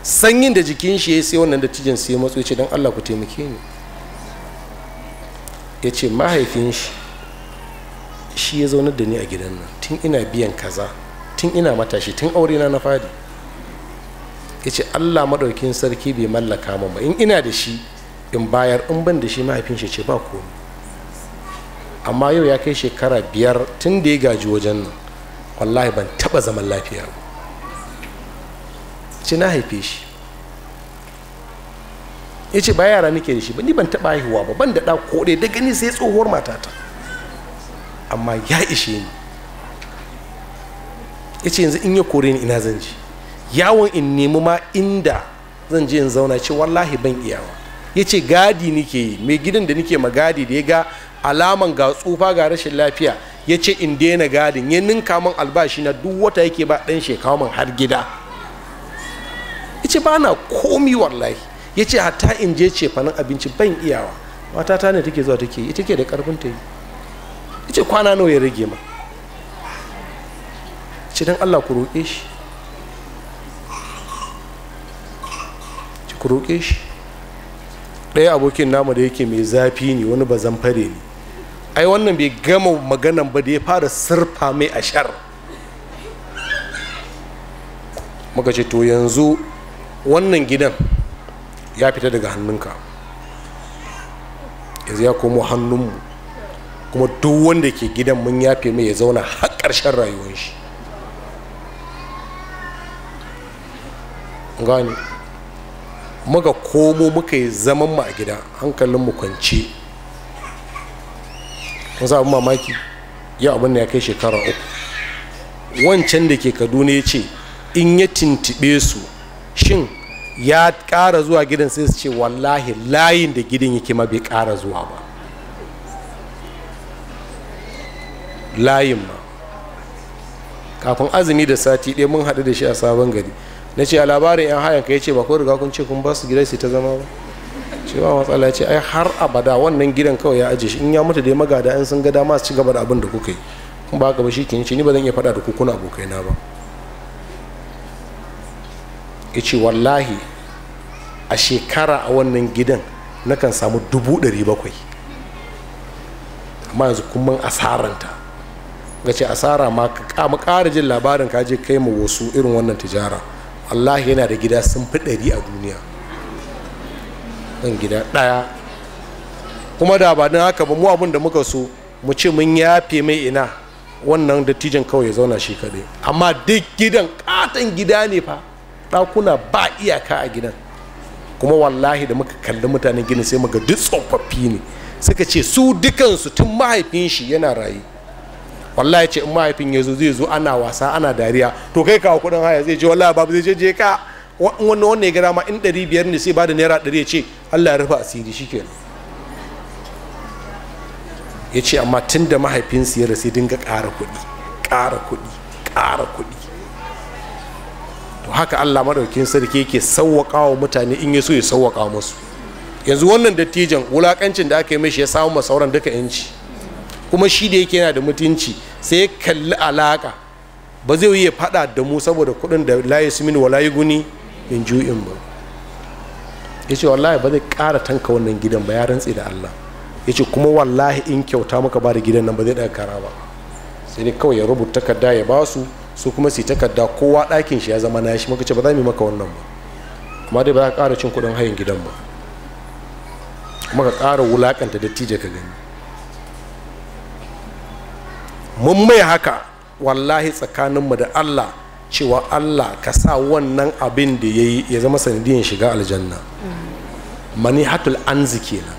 sanyin da jikin shi ya sai wannan dattijan sai matso ya ce don allah ku taimake ni ya ce mahaifin shi shi ya zaunar da ni a gidan nan tun ina biyan kaza tun ina matashi tun aure na na fadi ya ce allah maɗaukin sarki bai mallaka min ba in ina da shi in bayar in ban da shi mahaifin shi ce ba komi amma yau ya kai shekara biyar tun da ya gaji wajen nan wallahi ban taba zaman lafiya ba ce na haife shi ya ce ba yara nake da shi ni ban taba haihuwa ba ban da ɗa ko ɗaya da gani sai tsohuwar matata amma ya ishe ni ya ce yanzu in ya kore ni ina zan ji yawon in nemi ma inda zan je in zauna ce wallahi ban iyawa ya ce gadi nike yi mai gidan da nike ma gadi da ya ga alaman ga tsufa ga rashin lafiya ya ce in daina gadin ya ninka min albashi na duk wata yake ba ɗan shekawa min har gida ya ce ba na komi wallahi ya ce hatta in je ce fanin abinci ban iyawa matata ne take zuwa take ita ke da karfin ta yi ya ce kwana nawa ya rage ma ce don allah ku roƙe shi ku roƙe shi ɗaya abokin namu da yake mai zafi ne wani bazan fare ne ai wannan bai gama maganan ba da ya fara sirfa mai ashar muka ce to yanzu wannan gidan ya fita daga hannunka yanzu ya komo hannunmu kuma duk wanda ke gidan mun yafe mai ya zauna har ƙarshen rayuwar shi gani muka komo muka yi zaman mu a gida hankalinmu kwanci kun sa mamaki yau abin da ya kai shekara uku wancan da ke kaduna ya ce in ya tintibe su shin ya ƙara zuwa gidan sai su ce wallahi layin da gidan yake ma bai kara zuwa ba layin ma kafin azumi da sati ɗaya mun haɗu da shi a sabon gari na ce a labarin 'yan hayan ka ya ce ba ko riga kun ce kun ba su gida su ta zama ba cewa matsala ce ai har abada wannan gidan kawai ya ajiye shi in ya mutu da ya magada in sun ga dama su ci gaba da abin da kuka yi kuma ba ka ba shi ke ni ba zan iya faɗa da ku kuna abokaina ba ya ce wallahi a shekara a wannan gidan na kan samu dubu ɗari bakwai amma yanzu kuma asaranta ga ce asara ma mu ƙara jin labarin ka je kai ma wasu irin wannan tijara wallahi yana da gida sun fi ɗari a duniya Ɗan gida ɗaya kuma da ba don haka ba mu abin da muka so mu ce mun yafe mai ina wannan dattijan kawai ya zauna shi kaɗai amma duk gidan ƙaton gida ne fa ɗakuna ba iyaka a gidan kuma wallahi da muka kalli mutanen gini sai muka duk tsofaffi ne suka ce su dukansu tun mahaifin shi yana rayu wallahi ce in mahaifin ya zo zai zo ana wasa ana dariya to kai kawo kuɗin haya zai je wallahi babu zai je je ka wannan wannan ya gara ma in ɗari biyar ne sai ba da naira ɗari ya ce allah ya rufa asiri shikenan ya ce amma tun da mahaifinsu ya rasu dinga ƙara kuɗi ƙara kuɗi ƙara kuɗi to haka allah madaukin sarki yake sauwaƙa wa mutane in ya so ya sauwaƙa musu yanzu wannan dattijan wulaƙancin da aka yi mashi ya samu masauran duka yanci kuma shi da yake yana da mutunci sai ya kalli alaƙa ba zai yi faɗa da mu saboda kuɗin da layi sumin wa layi guni in ju'in ba ya ce wallahi ba zai ƙara tanka wannan gidan ba ya rantse da allah ya ce kuma wallahi in kyauta muka ba da gidan nan ba zai daga kara ba sai dai kawai ya rubuta takarda ya ba su su kuma su yi takarda kowa ɗakin shi ya zama na shi maka ce ba za mu yi maka wannan ba kuma dai ba za ka ƙara cin kuɗin hayan gidan ba kuma ka ƙara wulaƙanta dattijo ka gani mun mai haka wallahi tsakaninmu da allah cewa allah ka sa wannan abin da ya yi ya zama sanadiyan shiga aljanna mani hatul anzi kenan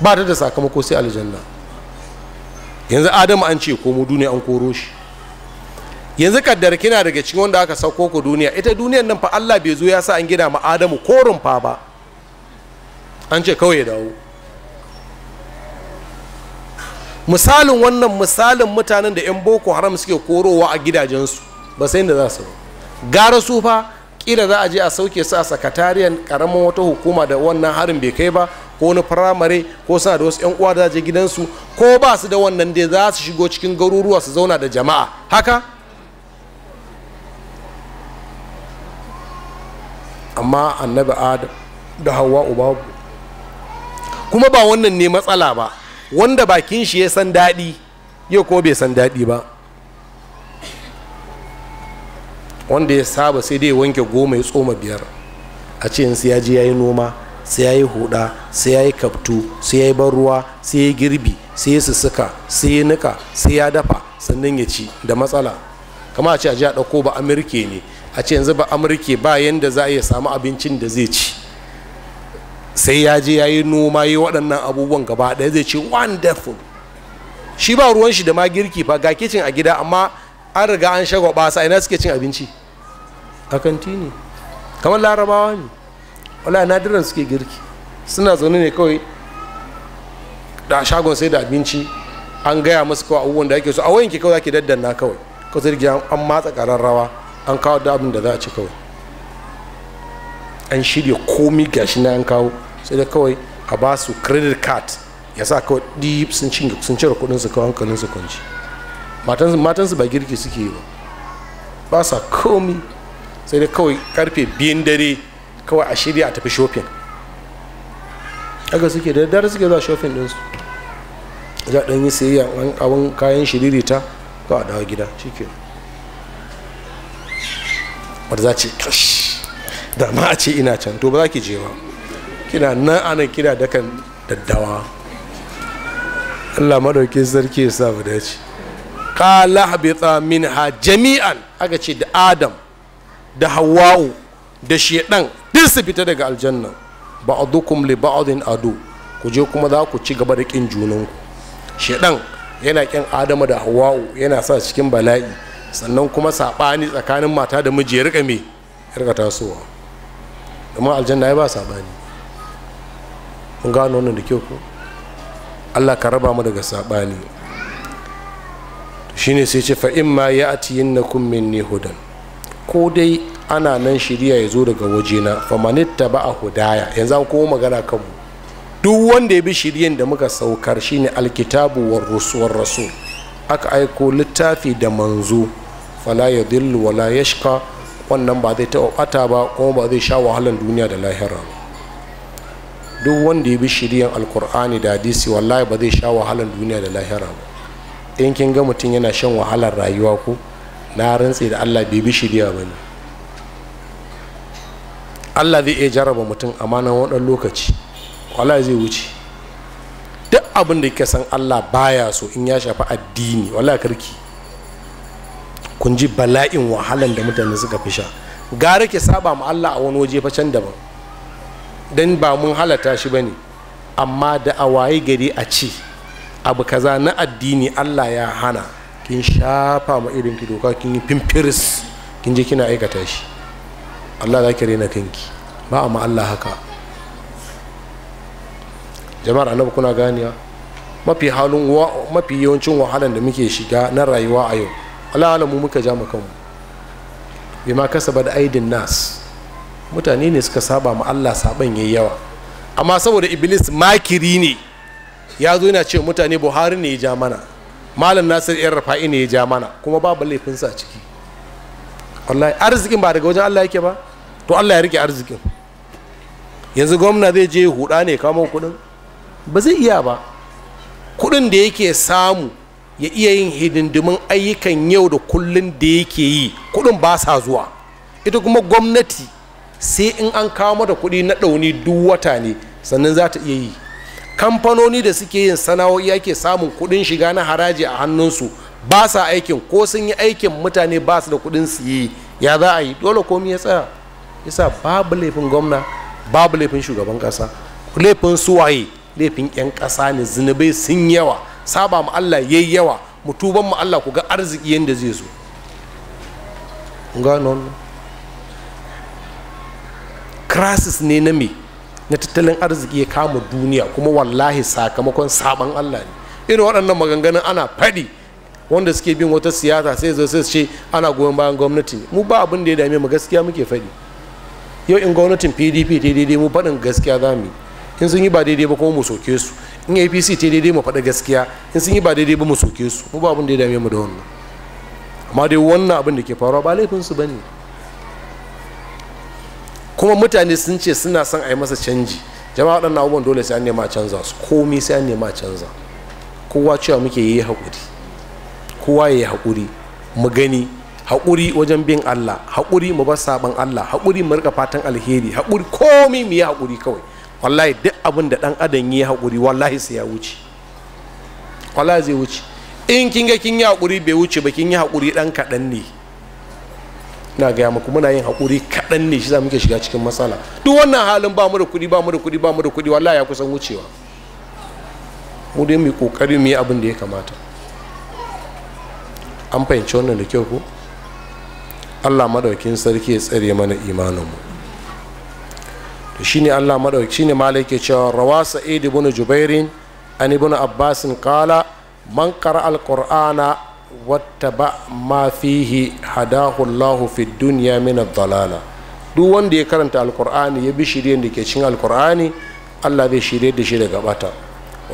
ba da sakamako sai aljanna yanzu adamu an ce komo duniya an koro shi yanzu kaddar kina daga cikin wanda aka sauko ku duniya ita duniyan nan fa allah bai zo ya sa an gina ma adamu korin fa ba an ce kawai ya dawo misalin wannan misalin mutanen da 'yan boko haram suke korowa a gidajensu ba sai inda za su gara su fa kila za a je a sauke su a sakatariyan karamin wata hukuma da wannan harin bai kai ba ko wani firamare ko suna da wasu 'yan uwa da je gidansu ko ba su da wannan dai za su shigo cikin garuruwa su zauna da jama'a haka amma annabi adam da hawa ubabu kuma ba wannan ne matsala ba wanda bakin shi ya san daɗi yau ko bai san daɗi ba wanda ya saba sai dai wanke goma ya tsoma biyar a ce in sai ya je ya yi noma sai ya yi huda sai ya yi kaftu sai ya yi ban ruwa sai ya girbi sai ya sussuka sai ya nika sai ya dafa sannan ya ci da matsala kama a ce a ji a ɗauko ba amurke ne a ce yanzu ba amurke ba yanda za a iya samu abincin da zai ci sai ya je ya yi noma yi waɗannan abubuwan gaba ɗaya zai ce wonderful shi ba ruwan shi da ma girki fa ga kicin a gida amma an riga an shagwaba sa ina suke cin abinci a kanti ne kamar larabawa ne wala nadiran suke girki suna zaune ne kawai da shagon sai da abinci an gaya musu kawai abubuwan da ake so a wayanki kawai ake daddanna kawai ko sai da an matsa rawa an kawo da abin da za a ci kawai an shirya komi gashi na an kawo sai da kawai a ba su credit card ya sa kawai deep sun cinye sun cire kudin su kawai hankalin su kwanci matan su ba girki suke yi ba ba sa komi sai dai kawai karfe biyun dare kawai a shirya a tafi shopping aka suke da dare suke zuwa shopping su. za ɗan yi sayayya wani abin kayan ta ga a dawo gida shike wadda za ce kash da ma a ce ina can to ba za ki je ba kina nan ana da kan daddawa Allah madaukin sarki ya sa mu dace qala habita minha jami'an aka ce da adam da hawa'u da shedan duk su fita daga aljanna ba'dukum li ba'din adu ku je kuma za ku ci gaba da kin junanku shedan yana kin adama da hawa'u yana sa cikin bala'i sannan kuma sabani tsakanin mata da miji ya rika me ya rika tasowa amma aljanna ya ba sabani kun gano wannan da kyau ko Allah ka raba mu daga sabani shine sai ce fa imma ya'tiyinnakum minni hudan ko dai ana nan shirya ya zo daga wajena famanitta ba a hudaya yanzu an koma magana kanmu duk wanda ya bi shiryen da muka saukar shine alkitabu war rusuwar rasul aka aiko littafi da manzo fala ya dillu wala yashka wannan ba zai taɓa ɓata ba kuma ba zai sha wahalan duniya da lahira duk wanda ya bi shiryen alkur'ani da hadisi wallahi ba zai sha wahalan duniya da lahira ba in kin ga mutum yana shan wahalar rayuwa ko na rantse da allah bai bi shirya ba ne allah zai iya jaraba mutum amma na wadan lokaci wallahi zai wuce duk abin da san allah baya so in ya shafi addini wallahi karki kun ji bala'in wahalan da mutane suka fi sha gara ke saba ma allah a wani waje fa can daban dan ba mun halata shi bane amma da a waye gari a ci abu kaza na addini allah ya hana kin shafa ma irin ki doka kin yi pimpiris kin je kina aikata shi Allah za ki rena kanki ba amma Allah haka jama'ar annabi kuna ganiya mafi halin mafi yawancin wahalan da muke shiga na rayuwa a yau Allah alamu muka ja mu kanmu ma kasaba da aidin nas mutane ne suka saba ma Allah saban yayi yawa amma saboda iblis makiri ne ya zo yana ce mutane buhari ne ya ja mana malam nasir yan rafa'i ne ya ja mana kuma babu laifinsa a ciki wallahi arzikin ba daga wajen allah yake ba to allah ya rike arzikin yanzu gwamna zai je huda ne kamo kudin ba zai iya ba kudin da yake samu ya iya yin hidindimin ayyukan yau da kullun da yake yi kudin ba sa zuwa ita kuma gwamnati sai in an kawo mata kudi na ɗauni duk wata ne sannan za ta iya yi kamfanoni da suke yin sana'o'i ake samun kuɗin shiga na haraji a hannunsu ba sa aikin ko sun yi aikin mutane ba su da kuɗin su yi ya za a yi dole komi ya tsaya yasa babu laifin gwamna babu laifin shugaban ƙasa laifin suwaye laifin 'yan ƙasa ne zunubai sun yawa saba mu allah yayi yawa mu tuban mu allah ku ga arziki yadda zai zo non crisis ne na me na tattalin arziki ya kama duniya kuma wallahi sakamakon saban Allah ne irin waɗannan maganganun ana faɗi wanda suke bin wata siyasa sai zo sai ce ana goyon bayan gwamnati ne mu ba abin da ya dame mu gaskiya muke faɗi yau in gwamnatin pdp ta daidai mu faɗin gaskiya za mu yi in sun yi ba daidai ba kuma mu soke su in apc ta daidai mu faɗi gaskiya in sun yi ba daidai ba mu soke su mu ba abin da ya dame mu da wannan amma dai wannan abin da ke faruwa ba laifin su bane kuma mutane sun ce suna son a yi masa canji jama'a waɗannan abubuwan dole sai an nema canza su komi sai an nema canza kowa cewa muke yi haƙuri kowa ya yi haƙuri mu gani haƙuri wajen bin Allah haƙuri mu bar sabon Allah haƙuri mu rika fatan alheri haƙuri komi mu yi haƙuri kawai wallahi duk abin da ɗan adam ya haƙuri wallahi sai ya wuce wallahi zai wuce in kin ga kin yi haƙuri bai wuce ba kin yi haƙuri ɗan kaɗan ne na gaya muku muna yin haƙuri kaɗan ne shi za muke shiga cikin matsala duk wannan halin ba mu da kuɗi ba mu da kuɗi ba mu da kuɗi wallahi ya kusan wucewa mu dai mu kokari mu yi abin da ya kamata an fahimci wannan da kyau ko Allah madaukin sarki ya tsare mana imanin mu to shine Allah madaukin shine ke cewa rawa sa'id ibn jubairin an ibn abbasin qala man qara al-qur'ana wattaba ma fihi hadahu Allahu fi dunya min dalala duk wanda ya karanta alkur'ani ya bi shirye da ke cin alkur'ani Allah zai shirye da shi daga bata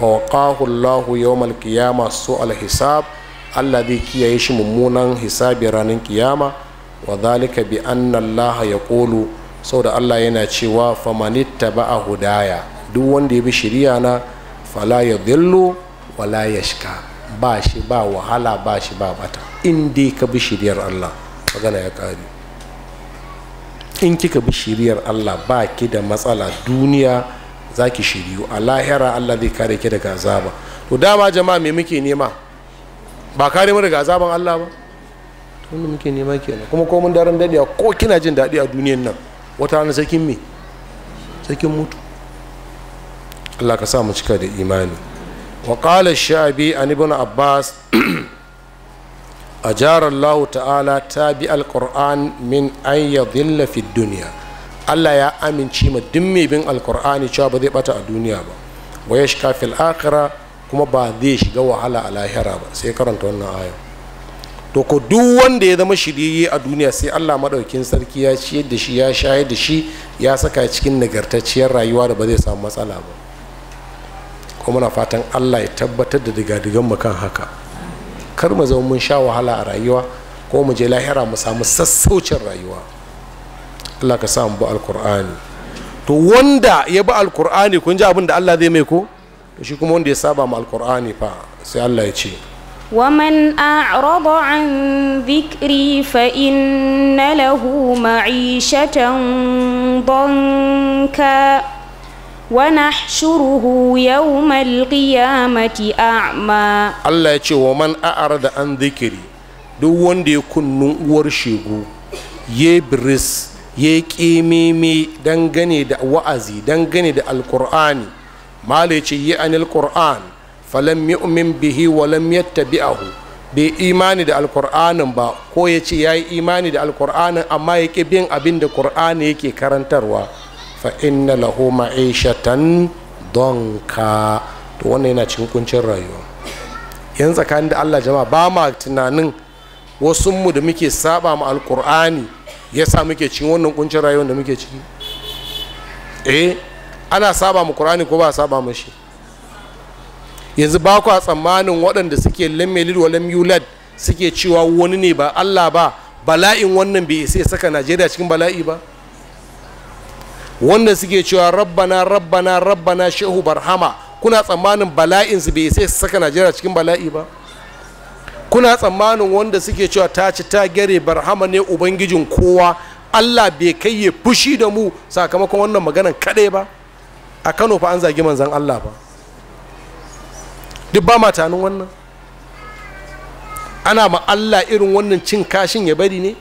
wa waqahu Allahu yawmal qiyamah su'al hisab Allah zai kiyaye shi mummunan hisabi ranar kiyama wa zalika bi anna Allah yaqulu saboda Allah yana cewa famanittaba hudaya duk wanda ya bi shiriya na fala yadhillu wala ya yashka ba shi ba wahala ba shi ba bata in dai ka bi shiriyar Allah magana ya ƙare in kika bi shiriyar Allah ba ki da matsala duniya za ki shiriyu a lahira Allah zai kare ki daga azaba to dama jama'a me muke nema ba kare mu daga azaban Allah ba wanda muke nema kenan kuma ko mun daren dadiya ko kina jin daɗi a duniyan nan wata rana sakin me sakin mutu Allah ka sa mu cika da imani وقال الشعبي عن ابن عباس أجار الله تعالى تابع القرآن من أن يضل في الدنيا الله يا أمين شيما دمي بين القرآن شاب ذي بتا الدنيا با ويشكى في الآخرة كما بعديش جو على الآخرة با سيكرن تونا آية to ko duk wanda ya zama shirye a duniya sai Allah madaukin sarki ya ciyar da shi ya shayar da shi ya saka cikin nagartacciyar rayuwa da ba zai samu matsala ba kuma na fatan allah ya tabbatar da digadigan mu kan haka kar mu zama mun sha wahala a rayuwa ko mu je lahira mu samu sassaucin rayuwa allah ka sa mu alkur'ani to wanda ya bi alkur'ani kun ji abin da allah zai mai ko shi kuma wanda ya saba ma alkur'ani fa sai allah ya ce ومن أعرض عن ذكري فإن له معيشة ضنكا ونحشره يوم القيامة أعمى الله يقول ومن أعرض عن ذكري duk wanda ya kunnu uwar shegu ya biris ya ƙememe dangane da wa'azi dangane da alkur'ani mala ce yi anil qur'an falam yu'min bihi wa lam yattabi'ahu bai imani da alkur'anin ba ko ya ce ya yi imani da alkur'anin amma ya ƙi bin abin da kur'ani yake karantarwa fa inna lahu ma'ishatan donka to wannan yana cikin kuncin rayuwa yan tsakanin da Allah jama'a ba ma tunanin wasu mu da muke saba ma alqur'ani yasa muke cikin wannan kuncin rayuwar da muke ciki eh ana saba mu qur'ani ko ba saba shi? yanzu ba ku a tsammanin waɗanda suke lamelid wa lam yulad suke cewa wani ne ba Allah ba bala'in wannan bai isa saka Najeriya cikin bala'i ba wanda suke cewa rabbana rabbana rabbana shehu barhama kuna tsammanin bala'in su bai sai saka najeriya cikin bala'i ba kuna tsammanin wanda suke cewa ta ci ta gare barhama ne ubangijin kowa allah bai kai ya fushi da mu sakamakon wannan maganan kadai ba a kano fa an zagi manzan allah ba duk ba matanin wannan ana ma allah irin wannan cin kashin ya bari ne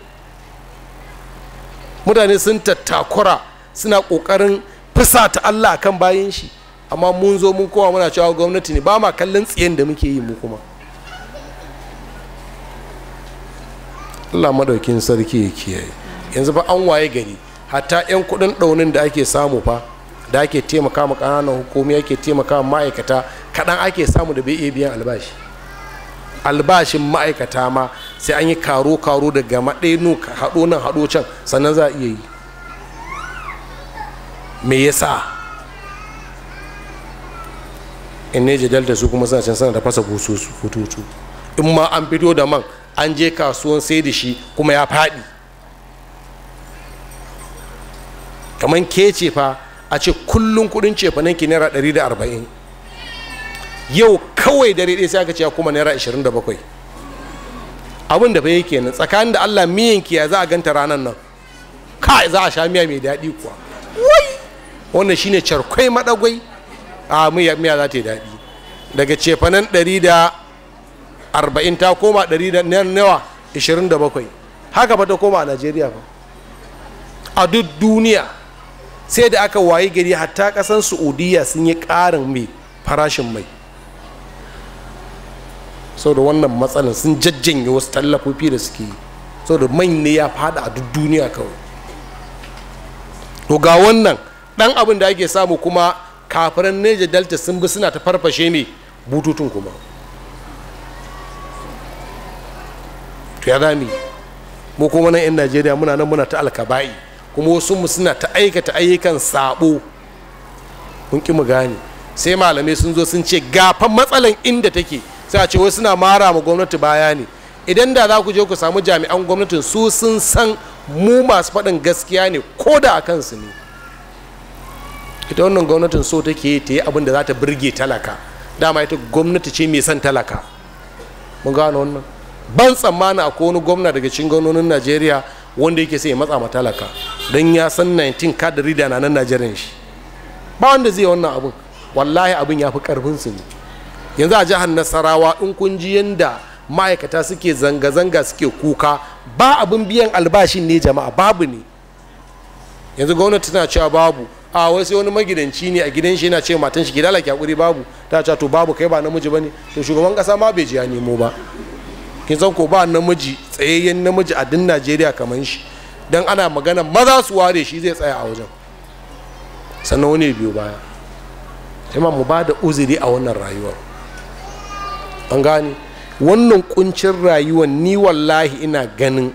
mutane sun tattakura suna ƙoƙarin ta Allah a kan bayan shi amma mun zo mun kowa muna cewa gwamnati ne ba ma kallon tsiyen da muke yi mu kuma Allah madaukin sarki ya kiyaye yanzu fa an waye gari hatta 'yan kuɗin ɗaunin da ake samu fa da ake taimaka ma ƙananan hukumi ake taimaka ma ma'aikata kaɗan ake samu da bai iya biyan albashi albashin ma'aikata ma sai an yi karo-karo daga maɗe nuka haɗo nan haɗo can sannan za a iya yi me yasa in ne jidal da su kuma suna can sana da fasa bututu in ma an fito da man an je kasuwan sai da shi kuma ya faɗi kamar ke ce fa a ce kullum kudin ce nan ki naira 140 yau kawai dare ɗaya sai aka ce kuma naira 27 abin da fa yake nan tsakanin da allah miyan ki ya za a ganta ranar nan kai za a sha miya mai daɗi kuwa wannan shine charkwai madagwai a miya za ta yi daɗi daga cefanen 140 da arba'in ta koma ɗari da nawa haka ba ta koma a najeriya ba a duk duniya sai da aka wayi gari hatta ƙasan saudiya sun yi ƙarin mai farashin mai sau da wannan matsalan sun jajjanye wasu tallafofi da suke yi sau da man ne ya fada a duk duniya kawai to ga wannan dan abin da ake samu kuma kafiran neja delta sun bi suna ta farfashe mai bututun kuma to ya zami mu kuma nan 'yan najeriya muna nan muna ta alkaba'i kuma wasu mu suna ta aikata ayyukan sabo mun ki mu gane sai malamai sun zo sun ce gafan matsalan inda take sai a ce wasu suna mara ma gwamnati baya ne idan da za ku je ku samu jami'an gwamnatin su sun san mu masu faɗin gaskiya ne ko da a kansu ne ita wannan gwamnatin so take ta yi abin da za ta birge talaka dama ita gwamnati ce mai son talaka mun gano wannan ban tsammani a wani gwamna daga cikin gwamnonin najeriya wanda yake sai ya matsa ma talaka don ya san 19 kadari da na nan najeriya shi ba wanda zai wannan abin wallahi abin ya fi karfin su ne yanzu a jihar nasarawa in kun ji yanda ma'aikata suke zanga-zanga suke kuka ba abin biyan albashin ne jama'a babu ne yanzu gwamnati tana cewa babu a wai sai wani magidanci ne a gidan shi yana ce matan shi gida laki hakuri babu ta ce to babu kai ba namiji bane to shugaban kasa ma bai ji ya nemo ba kin san ko ba namiji tsayayyen namiji a din Najeriya kamar shi dan ana magana maza su ware shi zai tsaya a wajen sannan wani biyo baya ma mu ba da uzuri a wannan rayuwar an gane wannan kuncin rayuwar ni wallahi ina ganin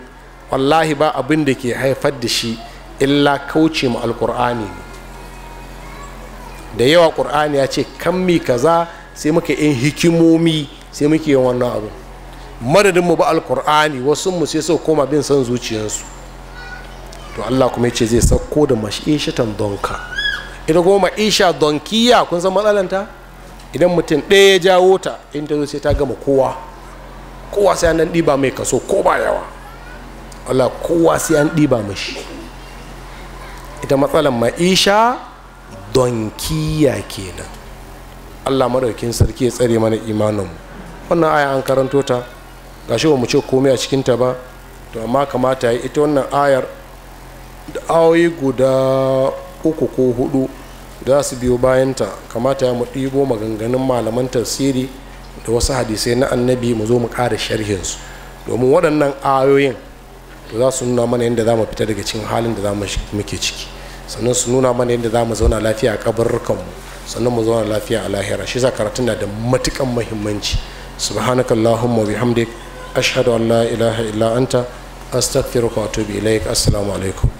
wallahi ba abin da ke haifar da shi illa kauce mu alkur'ani ne da yawa ƙur'ani ya ce kammi kaza sai muka yin hikimomi sai muke yin wannan abu madadin mu ba alƙur'ani wasu mu sai su koma bin san zuciyarsu to Allah kuma yace zai sauko da mashishatan donka ita ma isha donkiya kun san matsalanta idan mutum ɗaya ya jawo ta in ta zo sai ta gama kowa kowa sai an ɗiba mai kaso ko ba yawa Allah kowa sai an ɗiba mashi ita matsalan ma'isha Don donkiya kenan allah madaukin sarki ya tsare mana imaninmu wannan aya an karanto ta ga shi mu ce komai a cikinta ba to amma kamata ya ita wannan ayar da awoyi guda uku ko hudu za su biyo bayanta kamata ya mu ɗibo maganganun malaman tasiri da wasu hadisai na annabi mu zo mu ƙara sharhinsu domin waɗannan ayoyin to za su nuna mana yadda za mu fita daga cikin halin da za mu muke ciki sannan su nuna mana yadda za mu zauna lafiya a mu sannan mu zauna lafiya a lahira shi za karatun na da matukan muhimmanci subhanaka allahumma bihamdik ashhadu an la ilaha illa anta astaghfiruka wa atubu ilaik assalamu alaikum